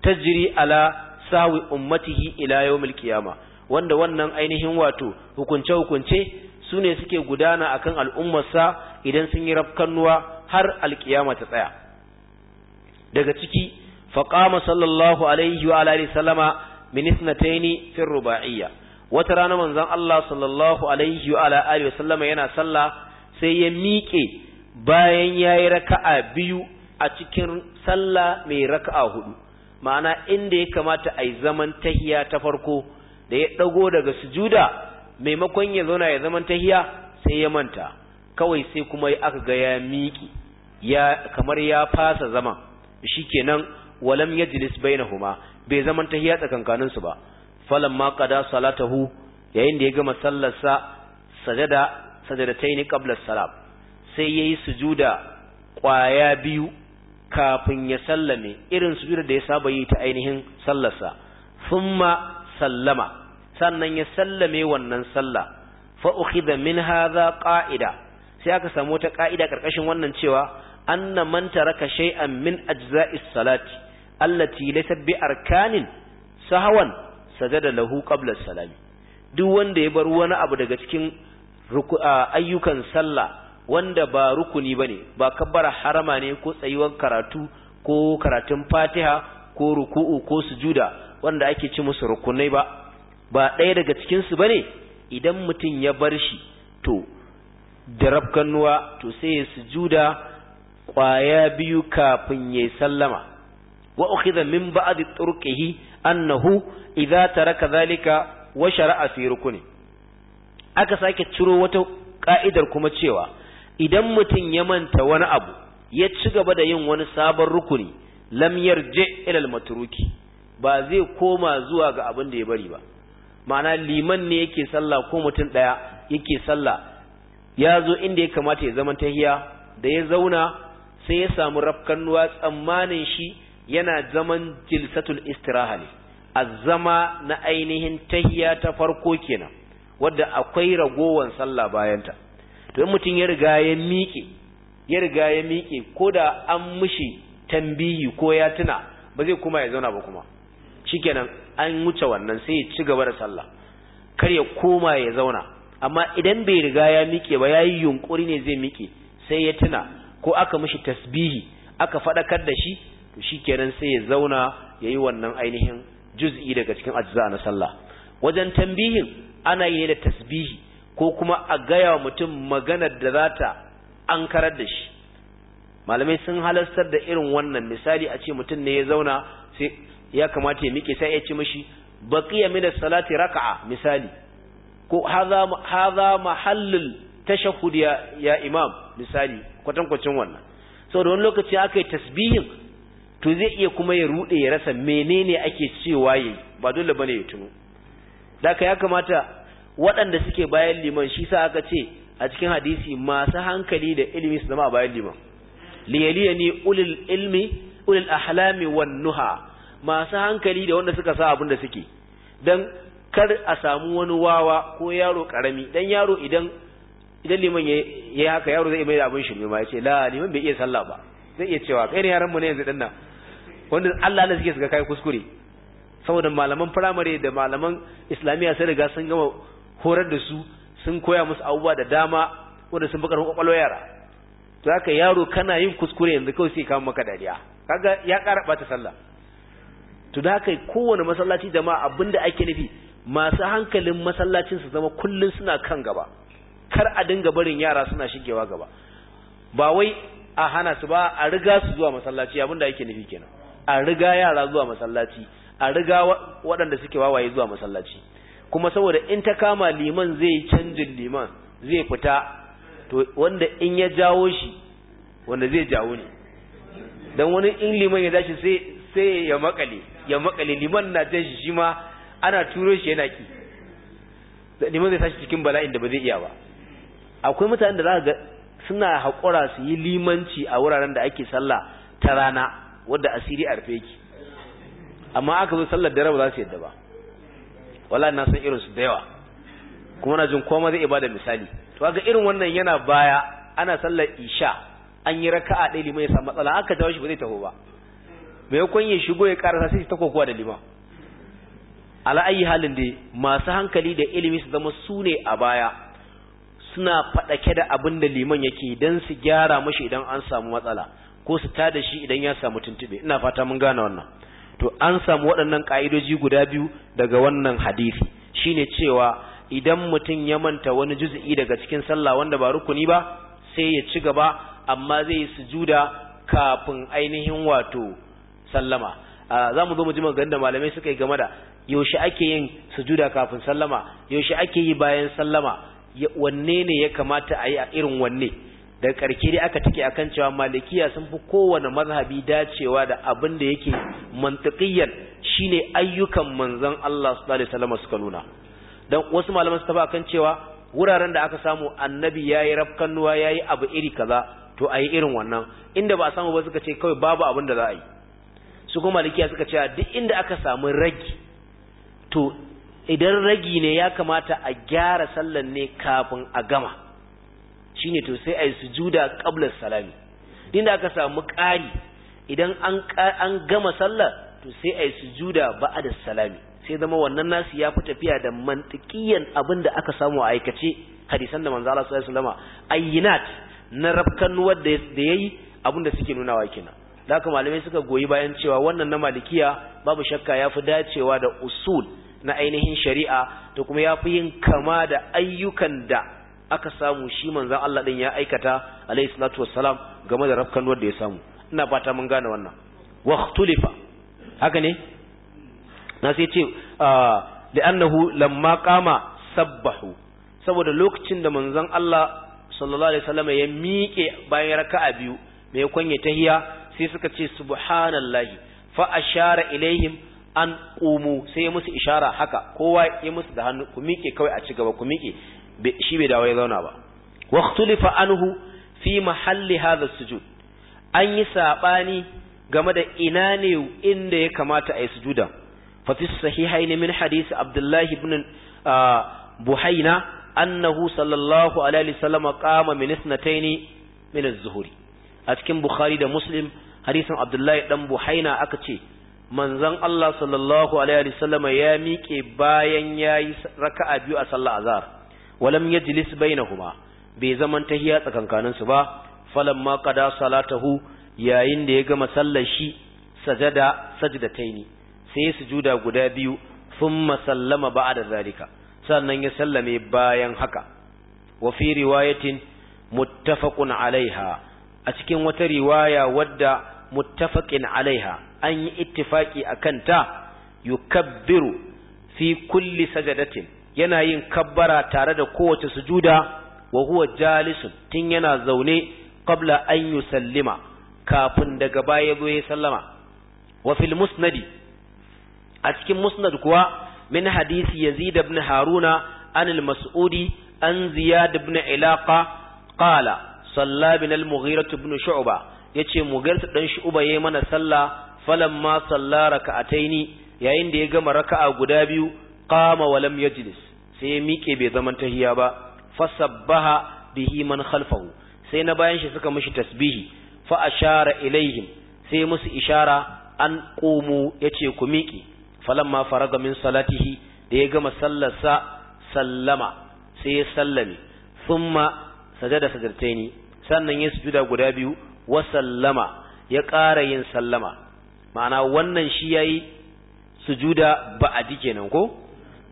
tajri ala sawi ummatihi ila yawmil qiyama wanda wannan ainihin wato hukunce hukunce sune suke gudana akan al'ummarsa idan sun yi rafkannuwa har alkiyama ta tsaya daga ciki faqama sallallahu alaihi wa alihi sallama min ithnatayn fi ruba'iyya wata rana manzon Allah sallallahu alaihi wa alihi sallama yana sallah sai ya miƙe bayan yayi raka'a biyu a cikin sallah mai raka'a hudu ma'ana inda ya kamata a yi zaman tahiya ta farko da ya ɗago daga sujuda maimakon ya zauna ya zaman tahiya sai ya manta kawai sai kuma aka ga ya miƙi ya kamar ya fasa zama shikenan walam yajlis bainahuma bai zaman tahiya tsakankanin su ba falamma qada salatahu yayin da ya gama sallarsa sajada sajadataini qabla salam sai yayi sujuda kwaya biyu kafin ya sallame irin sujuda da ya saba yi ta ainihin sallarsa thumma sallama sannan ya sallame wannan sallah fa ukhidha min hadha qa'ida sai aka samu ta qa'ida karkashin wannan cewa anna man taraka shay'an min ajza'is salati allati laysat bi arkanin sahawan sajada lahu qabla salami duk wanda ya bar wani abu daga cikin ayyukan sallah wanda ba rukuni bane ba kabbara harama ne ko tsayuwar karatu ko karatun fatiha ko ruku'u ko sujuda wanda ake ci musu rukunai ba ba ɗaya daga cikin su bane idan mutum ya bar shi to da rafkannuwa to sai ya sujuda ƙwaya biyu kafin ya sallama wa ukhidha min ba'd turqihi annahu idza taraka zalika wa shara'a fi rukuni aka sake ciro wata ka'idar kuma cewa idan mutum ya manta wani abu ya ci gaba da yin wani sabon rukuni lam yarje ilal matruki ba zai koma zuwa ga abin da ya bari ba ma'ana liman ne yake sallah ko mutum daya yake sallah ya zo inda ya kamata ya zama tahiya da ya zauna sai ya samu rafkan nuwa tsammanin shi yana zaman jilsatul istiraha ne zama na ainihin tahiya ta farko kenan wadda akwai ragowan sallah bayanta to in mutum ya riga ya miƙe ya riga ya miƙe ko da an mishi tambihi ko ya tuna ba zai kuma ya zauna ba kuma shikenan an wuce wannan sai ya ci gaba da sallah kar ya koma ya zauna amma idan bai riga ya miƙe ba yayi yunkuri ne zai miƙe sai ya tuna ko aka mishi tasbihi aka faɗakar da shi to shikenan sai ya zauna yayi wannan ainihin juz'i daga cikin ajza na sallah wajen tambihin ana yi da tasbihi ko kuma a gaya wa mutum maganar da za ta an karar da shi malamai sun halastar da irin wannan misali a ce mutum ne ya zauna sai ya kamata ya miƙe sai ya ci mishi baqiya min as-salati raka'a misali ko hadha hadha mahallul tashahhud ya, ya imam misali kwatankwacin wannan saboda wani lokaci aka yi tasbihin to zai iya kuma ya rude ya rasa menene ake cewa yayi ba dole bane ya tuno da ya kamata waɗanda suke bayan liman shi sa aka ce a cikin hadisi masu hankali da ilimi su zama a bayan liman liyaliya ne ulil ilmi ulil ahlami wan nuha masu hankali da wanda suka sa abin da suke dan kar a samu wani wawa ko yaro karami dan yaro idan idan liman ya yi haka yaro zai mai abin shi ma ce la liman bai iya sallah ba zai iya cewa kai ne yaran mu ne yanzu dinnan wanda Allah ne suke suka kai kuskure saboda malaman firamare da malaman islamiyya sai riga sun gama horar da su sun koya musu abubuwa da dama wanda sun bakar kwakwalwa yara to haka yaro kana yin kuskure yanzu kawai sai kama maka dariya kaga ya ƙara ɓata sallah to da haka kowane masallaci jama'a abinda ake nufi masu hankalin masallacin su zama kullun suna kan gaba kar a dinga barin yara suna shigewa gaba ba wai a hana su ba a riga su zuwa masallaci abinda ake nufi kenan a riga yara zuwa masallaci a riga waɗanda suke wawaye zuwa masallaci kuma saboda in ta kama liman zai canjin liman zai fita to wanda in ya jawo shi wanda zai jawo ne don wani in liman ya dashi sai ya makale ya makale liman na jan shi shi ma ana turo shi yana ki liman zai tashi cikin bala'in da ba zai iya ba akwai mutanen da za ga suna haƙura su yi limanci a wuraren da ake sallah ta rana wadda asiri a rufe ki amma aka zo sallar da raba za su yadda ba wala na san irinsu da yawa kuma na jin koma zai ibada misali to ga irin wannan yana baya ana sallar isha an yi raka'a ɗaya liman ya samu matsala aka jawo shi ba zai taho ba me ya shigo ya karasa sai ta kokowa da liman ala ayi halin da masu hankali da ilimi su zama su ne a baya suna faɗake da abin da liman yake idan su gyara mashi idan an samu matsala ko su tada shi idan ya samu tuntube ina fata mun gane wannan to an samu waɗannan ƙa'idoji guda biyu daga wannan hadisi shine cewa idan mutum ya manta wani juz'i daga cikin sallah wanda ba rukuni ba sai ya ci gaba amma zai yi sujuda kafin ainihin wato sallama za mu zo mu ji maganar da malamai suka yi game da yaushe ake yin sujuda kafin sallama yaushe ake yi bayan sallama wanne ne ya kamata a yi a irin wanne da karke dai aka take akan cewa malikiya sun fi kowane mazhabi dacewa da abin da yake mantiqiyan shine ayyukan manzon Allah sallallahu alaihi wasallam suka nuna dan wasu malaman su tafi akan cewa wuraren da aka samu annabi yayi rafkanuwa yayi abu iri kaza to ayi irin wannan inda ba a samu ba suka ce kawai babu abin da za a yi su kuma malikiya suka ce duk inda aka samu ragi to idan ragi ne ya kamata a gyara sallan ne kafin a gama shine to sai ayi sujuda qabla salami din da aka samu ƙari idan an an gama sallah to sai ayi sujuda ba'da salami sai zama wannan nasu ya fi tafiya da mantikiyan abin da aka samu a aikace hadisan da manzo Allah sallallahu alaihi wasallama ayyinat na wadda da yayi abin da suke nunawa kenan da haka malamai suka goyi bayan cewa wannan na malikiya babu shakka ya fi dacewa da usul na ainihin shari'a da kuma ya fi yin kama da ayyukan da aka samu shi manzan Allah ɗin ya aikata a salatu wassalam game da rafkan da ya samu ina fata mun gane wannan waqtulifa haka ne na sai ce ah, li'annahu lamma qama sabbahu saboda lokacin da manzan Allah sallallahu alaihi wasallam ya miƙe bayan raka'a biyu mai ta tahiya sai suka ce subhanallahi fa a ashara ilaihim an umu sai ya musu ishara haka kowa ya musu da hannu ku miƙe kawai a ci gaba ku miƙe shi bai dawo ya zauna ba waqtulifa anhu fi mahalli hadha sujud an yi sabani game da ina ne inda ya kamata a yi sujuda fa fi sahihain min hadisi abdullahi ibn buhaina annahu sallallahu alaihi wasallam qama min isnatayn min az-zuhri a cikin bukhari da muslim hadisin abdullahi dan buhaina aka ce manzon Allah sallallahu alaihi wasallam ya miƙe bayan yayi raka'a biyu a sallar azhar walam yajlis bainahuma bai zaman tahiya tsakankanin su ba falamma qada salatahu yayin da ya gama sallar shi sajada sajdataini sai sujuda guda biyu thumma sallama ba'da zalika sannan ya sallame bayan haka wa fi riwayatin muttafaqun alaiha a cikin wata riwaya wadda muttafaqin alaiha an yi ittifaki akan ta yukabbiru fi kulli sajadatin yana yin kabbara tare da kowace sujuda wa huwa jalisun tun yana zaune qabla an sallima kafin daga baya zo ya sallama wa fil musnadi a cikin musnad kuwa min hadisi yazid ibn haruna an al-mas'udi an ziyad ibn ilaqa qala salla bin al-mughirah ibn shu'ba yace mughirah dan shu'ba yayi mana sallah falamma salla raka'ataini yayin da ya gama raka'a guda biyu qama wa lam yajlis sai ya miƙe bai zama tahiya ba fasabbaha bihi man khalfahu sai na bayan shi suka mishi tasbihi fa ashara ilaihim sai musu ishara an qumu yace ku miƙe falamma faraga min salatihi da ya gama sallarsa sallama sai ya sallame thumma sajada sajdataini sannan ya sujuda guda biyu wa sallama ya ƙara yin sallama ma'ana wannan shi yayi sujuda ba a ba'adi kenan ko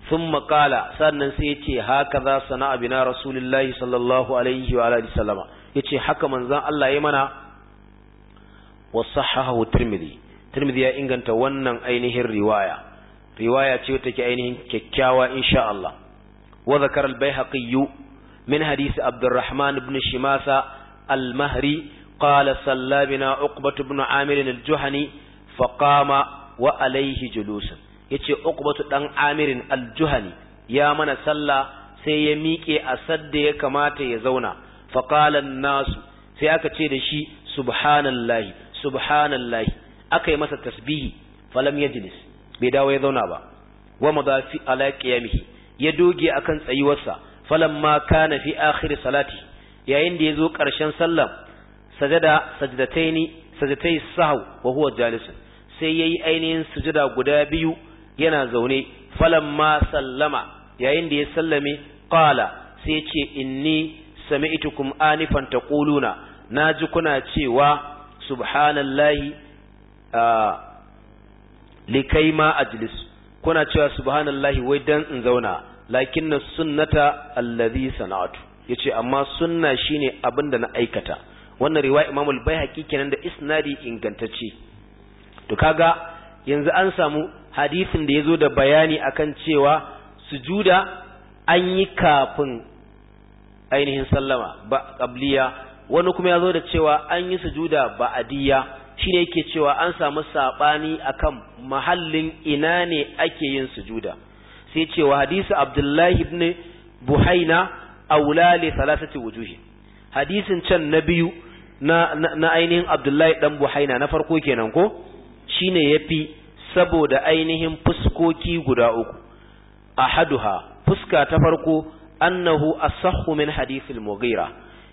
sun maƙala sannan sai ya ce haka za sana abina rasulullahi sallallahu alaihi wa alaihi salama ya ce haka manzan Allah ya mana wasu hahahu turmidi turmidi ya inganta wannan ainihin riwaya riwaya ce take ainihin kyakkyawa insha Allah wa zakar al-baihaqi min hadisi abdurrahman ibn shimasa al-mahri qala sallabina bina uqbah ibn amir al-juhani wa alaihi julusun Ya ce uqbatu dan amirin al-juhani ya mana sallah sai ya miƙe a sadda ya kamata ya zauna faqala nasu sai aka ce da shi subhanallahi subhanallahi aka yi masa tasbihi falam yajlis bai dawo ya zauna ba wa madafi ala qiyamihi ya doge akan tsayuwarsa falamma kana fi akhir salati yayin da yazo karshen sallam sajada sajdataini sajdatai sahu wa huwa jalis sai yayi ainihin sujada guda biyu yana zaune falamma sallama yayin da ya sallame qala sai ce inni sami'tukum anifan taquluna naji kuna cewa subhanallahi likai ma ajlis kuna cewa subhanallahi wai dan in zauna lakinna sunnata allazi sana'atu yace amma sunna shine abinda na aikata wannan riwaya Imam al-Baihaqi kenan da isnadi ingantacce to kaga yanzu an samu hadisin da ya zo da bayani akan cewa sujuda an yi kafin ainihin sallama ba qabliya wani kuma ya zo da cewa an yi sujuda shi shine yake cewa an samu saɓani akan mahallin ina ne ake yin sujuda sai cewa hadisi abdullahi ibn buhaina aula li salasati wujuhi hadisin can na biyu na na ainihin abdullahi dan buhaina na farko kenan ko shine yafi saboda ainihin fuskoki guda uku ahaduha fuska ta farko annahu asahhu min hadithil mughira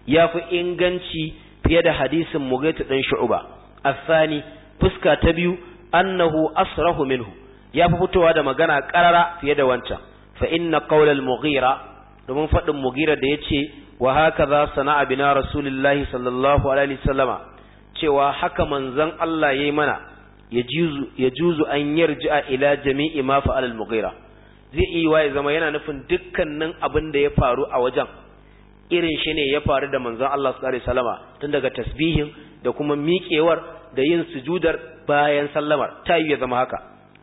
yafi inganci fiye da hadisin mughira dan shu'ba athani fuska ta biyu annahu asrahu minhu yafi fitowa da magana qarara fiye da wancan fa inna qawlal mughira domin fadin mughira da yace wa hakaza sana'a bina rasulullahi sallallahu alaihi wasallama cewa haka manzon Allah yayi mana ya juzu an a ila jami'i ma fa'al al-mughira zai iya wa ya zama yana nufin dukkanin abin da ya faru a wajen irin shi ne ya faru da manzon Allah sallallahu alaihi tun daga tasbihin da kuma miƙewar da yin sujudar bayan sallamar ta yi ya zama haka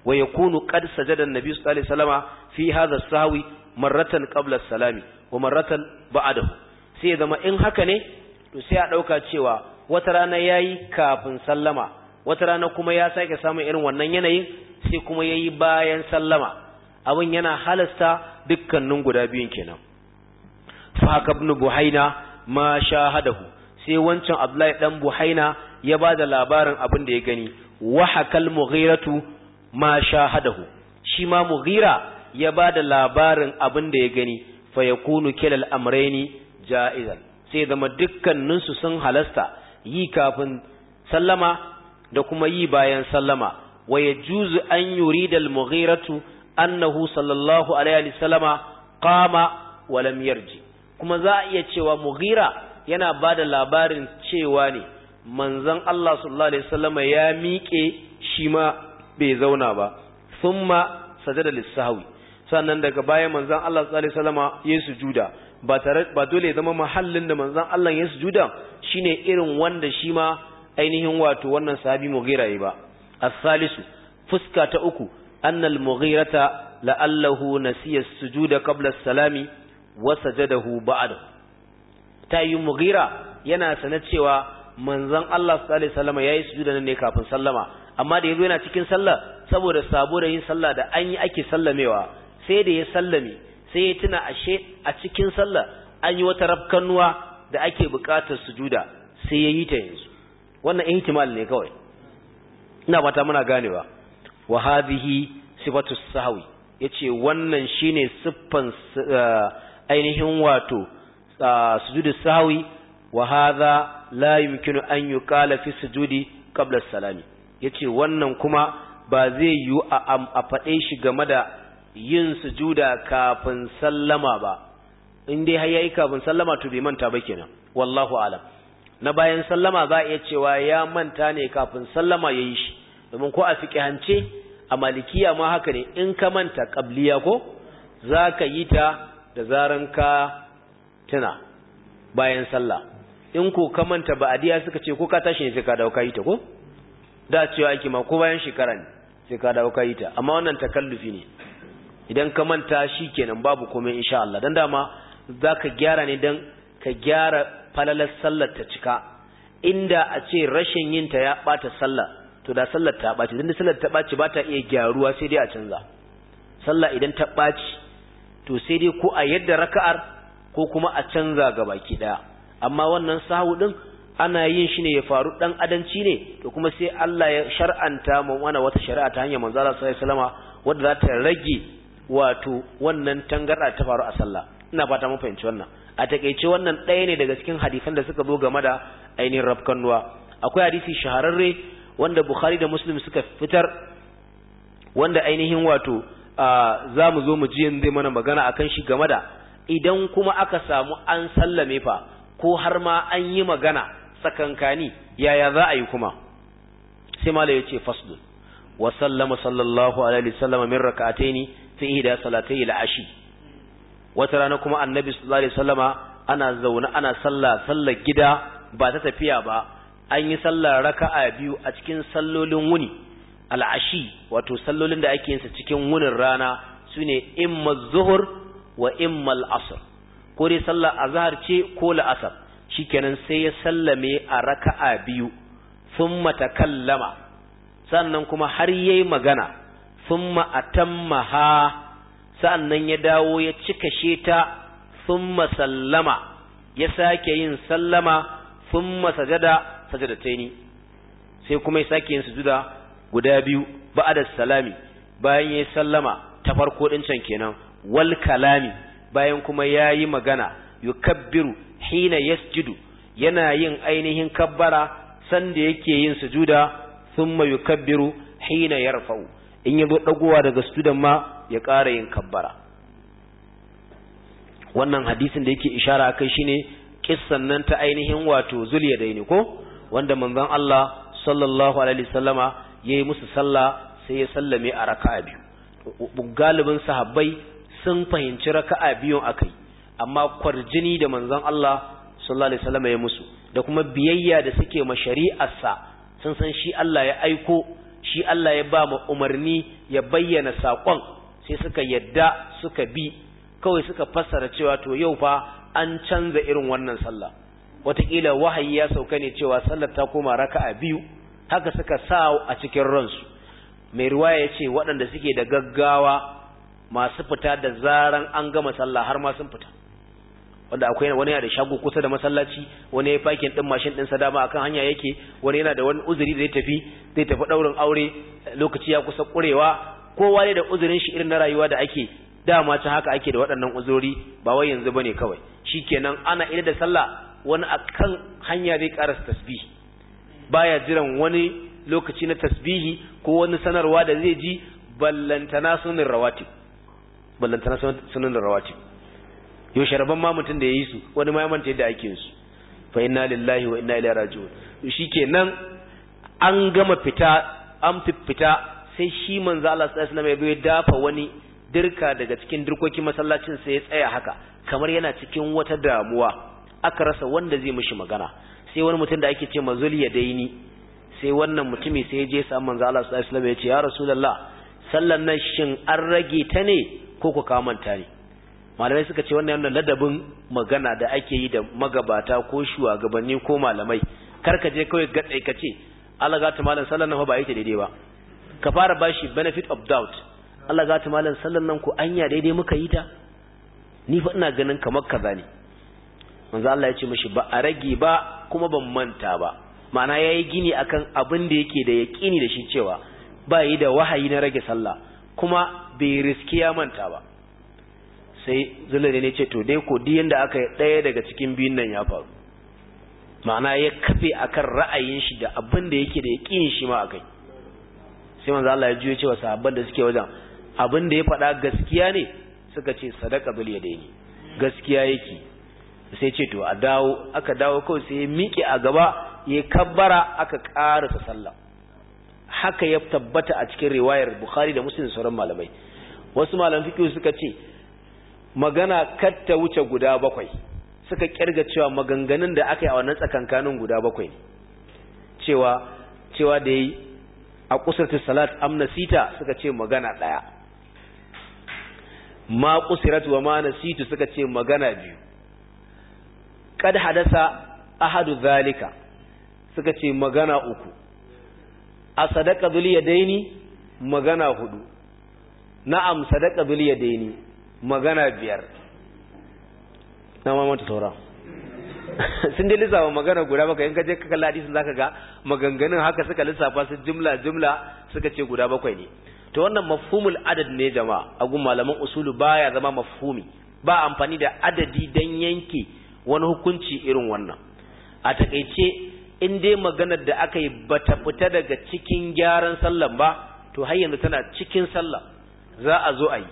wa yakunu qad sajada an-nabi sallallahu alaihi wasallama fi hadha sahwi marratan qabla salami wa marratan ba'dahu sai zama in haka ne to sai a dauka cewa wata rana yayi kafin sallama wata rana kuma ya sake samun irin wannan yanayin sai kuma ya yi bayan sallama abin yana halasta dukkanin guda biyun kenan faka ibn buhaina ma shahadahu sai wancan abdullahi dan buhaina ya ba da labarin abin da ya gani wa hakal mughiratu ma shahadahu shi ma mughira ya ba da labarin abin da ya gani fa yakunu kilal amrayni ja'izan sai zama dukkaninsu sun halasta yi kafin sallama da kuma yi bayan sallama wa juzu an da muhiratu annahu sallallahu alaihi wasallama qama wa lam yarji kuma za a iya cewa mughira yana ba da labarin cewa ne manzon Allah sallallahu alaihi wasallama ya miƙe shi ma bai zauna ba thumma sajada da sannan daga bayan manzon Allah sallallahu alaihi wasallama ya sujuda ba tare ba dole ya zama mahallin da manzon Allah ya sujuda shine irin wanda shi ma ainihin wato wannan sahabi mughira yi ba as-salisu fuska ta uku annal mughirata la'allahu nasiya sujuda qabla as-salami wa sajadahu ba'da ta yi mughira yana sanar cewa manzon Allah sallallahu alaihi wasallam yayi sujuda ne kafin sallama amma da yazo yana cikin sallah saboda sabo da yin sallah da an ake sallamewa sai da ya sallame sai ya tuna ashe a cikin sallah an yi wata rafkanuwa da ake buƙatar sujuda sai ya yi ta yanzu wannan ihtimal ne kawai ina fata muna ganewa wa hadhihi sifatu sahwi yace wannan shine siffan eh, ainihin wato ah, sujudu sahwi wa hadha la yumkinu an yuqala fi sujudi qabla salami yace wannan kuma ba zai yu a faɗe shi game da yin sujuda kafin sallama ba in dai har yayi kafin sallama to bai manta ba kenan wallahu alam na bayan sallama za a iya cewa ya manta ne kafin sallama ya yi shi domin ko a hanci, a malikiya ma haka ne in ka manta ƙabliya ko za ka yi ta da zaran ka tuna bayan sallah in ko ka manta ba'adiya suka ce ko ka tashi ne sai ka dawo yi ta ko da cewa ake ma ko bayan shekara ne sai ka dawo yi ta amma wannan takallufi ne idan ka manta shi kenan babu komai insha Allah dan dama za ka gyara ne dan ka gyara falalar sallar ta cika inda a ce rashin yin ta ya bata sallar to da sallar ta baci dan sallar ta baci ba ta iya gyaruwa sai dai a canza sallar idan ta baci to sai dai ko a yadda raka'ar ko kuma a canza ga baki daya amma wannan sahu ɗin ana yin shi ne ya faru ɗan adanci ne to kuma sai Allah ya shar'anta mu wani wata shari'a ta hanyar manzo Allah sallallahu alaihi wadda za ta rage wato wannan tangarda ta faru a sallah ina fata mun fahimci wannan a takeice wannan ɗaya ne daga cikin hadisan da suka zo game da ainihin rafkan akwai hadisi shahararre wanda bukhari da muslim suka fitar wanda ainihin wato za mu zo mu ji yanzu mana magana a kan shi game da idan kuma aka samu an sallame fa ko har ma an yi magana tsakankani yaya za a yi kuma sai mala ya ce fasdun wa sallama sallallahu alaihi sallama min raka'ataini fi ihda salatai ashi wata rana kuma annabi sallallahu alaihi wasallama ana zaune ana sallah sallar gida ba ta tafiya ba an yi sallar raka'a biyu a cikin sallolin wuni al'ashi wato sallolin da ake yin sa cikin wunin rana sune imma zuhur wa imma al'asr ko dai sallar azhar ce ko la'asar shikenan sai ya sallame a raka'a biyu thumma takallama sannan kuma har yayi magana thumma atammaha sa'annan ya dawo ya cika sheta sun sallama ya sake yin sallama thumma sajada sajadataini sai kuma ya sake yin sujuda guda biyu da salami bayan ya sallama ta farko din can kenan wal kalami bayan kuma yayi magana yukabbiru hina yasjudu yana yin ainihin kabbara sanda yake yin sujuda thumma yukabbiru hina yarfa'u in yazo dagowa daga sujudan ma ya ƙara yin kabbara wannan hadisin da yake ishara kai shine kissan nan ta ainihin wato zuliyadaini ko wanda manzon Allah sallallahu alaihi wasallama yayi musu sallah sai ya sallame a raka'a biyu galibin sahabbai sun fahimci raka'a biyun akai amma kwarjini da manzon Allah sallallahu alaihi wasallama ya musu da kuma biyayya da suke ma shari'arsa sun san shi Allah ya aiko shi Allah ya ba mu umarni ya bayyana saƙon sai suka yadda suka bi kawai suka fassara cewa to yau fa an canza irin wannan sallah watakila wahayi ya sauka ne cewa sallar ta koma raka'a biyu haka suka sa a cikin ransu mai ruwaya ya ce waɗanda suke da gaggawa masu fita da zaran an gama sallah har ma sun fita wanda akwai wani yana da shago kusa da masallaci wani ya fakin din mashin din sadama akan hanya yake wani yana da wani uzuri da ya tafi zai tafi daurin aure lokaci ya kusa kurewa kowa ne da uzurin shi irin na rayuwa da ake dama ta haka ake da waɗannan uzuri ba wai yanzu bane kawai shikenan ana ida da sallah wani akan hanya zai karasa tasbih baya jiran wani lokaci na tasbihi ko wani sanarwa da zai ji ballantana sunan rawatib ballantana sunan rawatib yau sharaban ma mutum da yayi su wani ma ya manta yadda ake su fa inna lillahi wa inna ilaihi raji'un shikenan an gama fita an fita sai shi manzo Allah sallallahu alaihi wasallam ya dafa wani dirka daga cikin dirkokin masallacin sai ya tsaya haka kamar yana cikin wata damuwa aka rasa wanda zai mishi magana sai wani mutum da ake ce mazul ya daini sai wannan mutumi sai ya je sa manzo Allah sallallahu alaihi wasallam ya ce ya rasulullah sallan nan shin an rage ta ne ko ku kamanta ne malamai suka ce wannan yana ladabin magana da ake yi da magabata ko shugabanni ko malamai ka je kawai ga tsaikace ce Allah ga ta malam sallan nan fa ba yake daidai ba ka fara bashi benefit of doubt Allah ga ta malam sallan nan ko anya daidai muka yi ta ni fa ina ganin kamar kaza ne manzo Allah ya ce mishi ba a rage ba kuma ban manta ba ma'ana yayi gini akan abin da yake da yaqini da shi cewa ba yi da wahayi na rage sallah kuma bai riske ya manta ba sai zulare ne ce to dai ko duk yanda aka daya daga cikin biyun nan ya faru ma'ana ya kafe akan ra'ayin shi da abin da yake da yaqini shi ma akai sai manzo Allah ya juyo cewa sahabban da suke wajen abin da ya faɗa gaskiya ne suka ce sadaka bil yadaini gaskiya yake sai ce to a dawo aka dawo kawai sai ya miƙe a gaba ya kabbara aka karasa sallah haka ya tabbata a cikin riwayar Bukhari da Muslim sauran malamai wasu malaman fiqh suka ce magana katta wuce guda bakwai suka kirga cewa maganganun da aka yi a wannan tsakankanin guda bakwai cewa cewa da yi a kusurta salat amnasita suka ce magana ɗaya ma kusurat wa ma nasitu suka ce magana biyu kad hadasa ahadu zalika suka ce magana uku a sadaka zuliya daini magana hudu na'am sadaka zuliya daini magana biyar na mamanta sauran sun dai lissafa magana guda bakwai in ka je ka Ladi hadisin zaka ga maganganun haka suka lissafa su jumla jumla suka ce guda bakwai ne to wannan mafhumul adad ne jama'a a gun malaman usulu baya zama mafhumi ba amfani da adadi dan yanke wani hukunci irin wannan a takeice in dai maganar da aka yi bata fita daga cikin gyaran sallan ba to har yanzu tana cikin sallah za a zo ayi.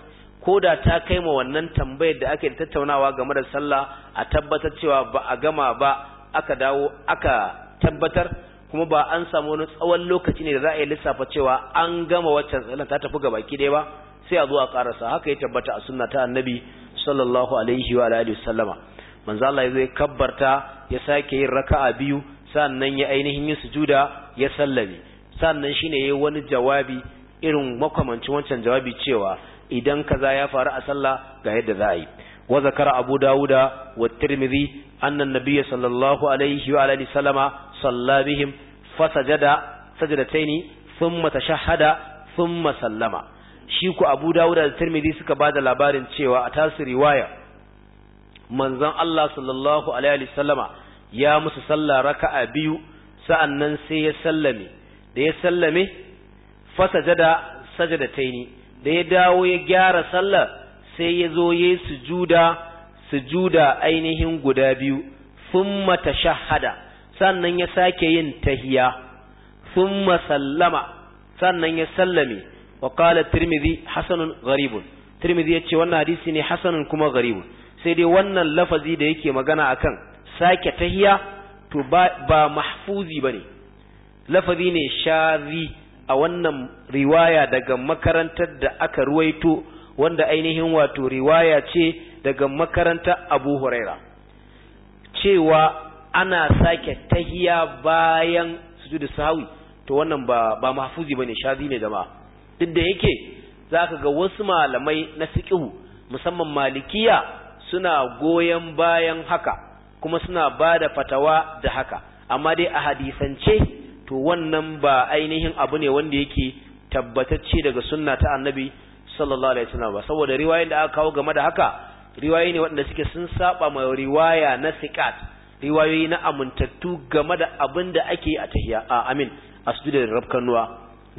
ko da ta kai ma wannan tambayar da ake tattaunawa game da sallah a tabbatar cewa ba a gama ba aka dawo aka tabbatar kuma ba an samu wani tsawon lokaci ne da za a yi lissafa cewa an gama waccan sallah ta tafi ga baki dai ba sai a zo a karasa haka ya tabbata a sunna ta annabi sallallahu alaihi wa alihi wasallama manzo Allah ya zo ya kabbarta ya sake yin raka'a biyu sannan ya ainihin yin sujuda ya sallame sannan shine yayi wani jawabi irin makamancin wancan jawabi cewa idan kaza ya faru a sallah ga yadda za a yi wa zakara abu dawuda wa tirmidhi anna nabiyya sallallahu alaihi wa alihi sallama salla bihim fa sajada sajadataini thumma tashahhada thumma sallama shi ku abu dawuda da tirmidhi suka bada labarin cewa a tasu riwaya manzon Allah sallallahu alaihi sallama ya musu sallah raka'a biyu sa'annan sai ya sallame da ya sallame fa sajada sajadataini da ya dawo ya gyara sallar sai ya zo ya sujuda sujuda ainihin guda biyu thumma tashahhada sannan ya sake yin tahiya thumma sallama sannan ya sallame wa qala tirmidhi hasanun gharibun tirmidhi yace wannan hadisi ne hasanun kuma gharibun sai dai wannan lafazi da yake magana akan sake tahiya to ba mahfuzi bane lafazi ne shazi a wannan riwaya daga makarantar da aka ruwaito wanda ainihin wato riwaya ce daga makarantar abu huraira cewa ana sake tahiya bayan sujudu sahawi to wannan ba ba mahfuzi bane shazi ne jama'a duk da yake zaka ga wasu malamai na fiqhu musamman malikiya suna goyen bayan haka kuma suna bada fatawa da haka amma dai a hadisance to wannan ba ainihin abu ne wanda yake tabbatacce daga sunna ta annabi sallallahu alaihi wasallam ba saboda riwayoyin da aka kawo game da haka riwayoyi ne waɗanda suke sun saba mai riwaya na siqat riwayoyi na amintattu game da abin da ake a tahiyya a amin a sujuda da rabkanuwa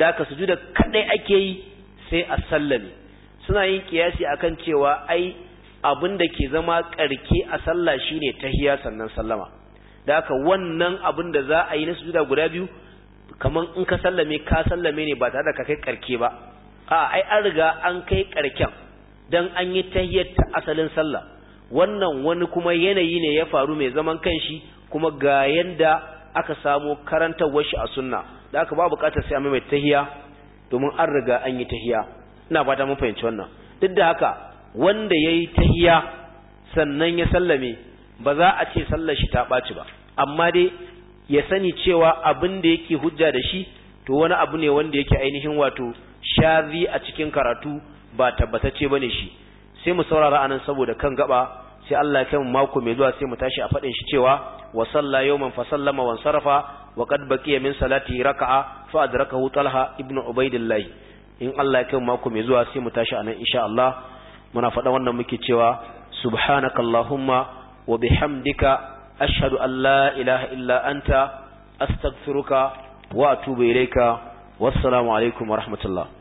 da aka sujuda kadai ake yi sai a sallame suna yin kiyasi akan cewa ai abin da ke zama karke a sallah shine tahiya sannan sallama da aka wannan abin da za a yi na sujuda guda biyu kamar in ka sallame ka sallame ne ba tare da ka kai karke ba a ai an riga an kai karken dan an yi tahiyyar ta asalin sallah wannan wani kuma yanayi ne ya faru mai zaman kanshi kuma ga yanda aka samu karantar shi a sunna da aka ba bukatar sai mai tahiya domin an riga an yi tahiya ina fata mun fahimci wannan duk da haka wanda yayi tahiya sannan ya sallame ba za a ce sallar shi ta ɓaci ba amma dai ya sani cewa abin da yake hujja da shi to wani abu ne wanda yake ainihin wato shazi a cikin karatu ba tabbatacce ne shi sai mu saurara anan saboda kan gaba sai Allah ya kai mu mako mai zuwa sai mu tashi a faɗin shi cewa wa salla yawman fa sallama wa sarafa wa qad baqiya min salati raka'a fa adrakahu talha ibnu ubaidillah in Allah ya kai mu mako mai zuwa sai mu tashi anan insha Allah muna faɗa wannan muke cewa subhanakallahumma wa bihamdika ashadu an la ilaha illa anta suruka wa atubu ilayka wassalamu wa rahmatullah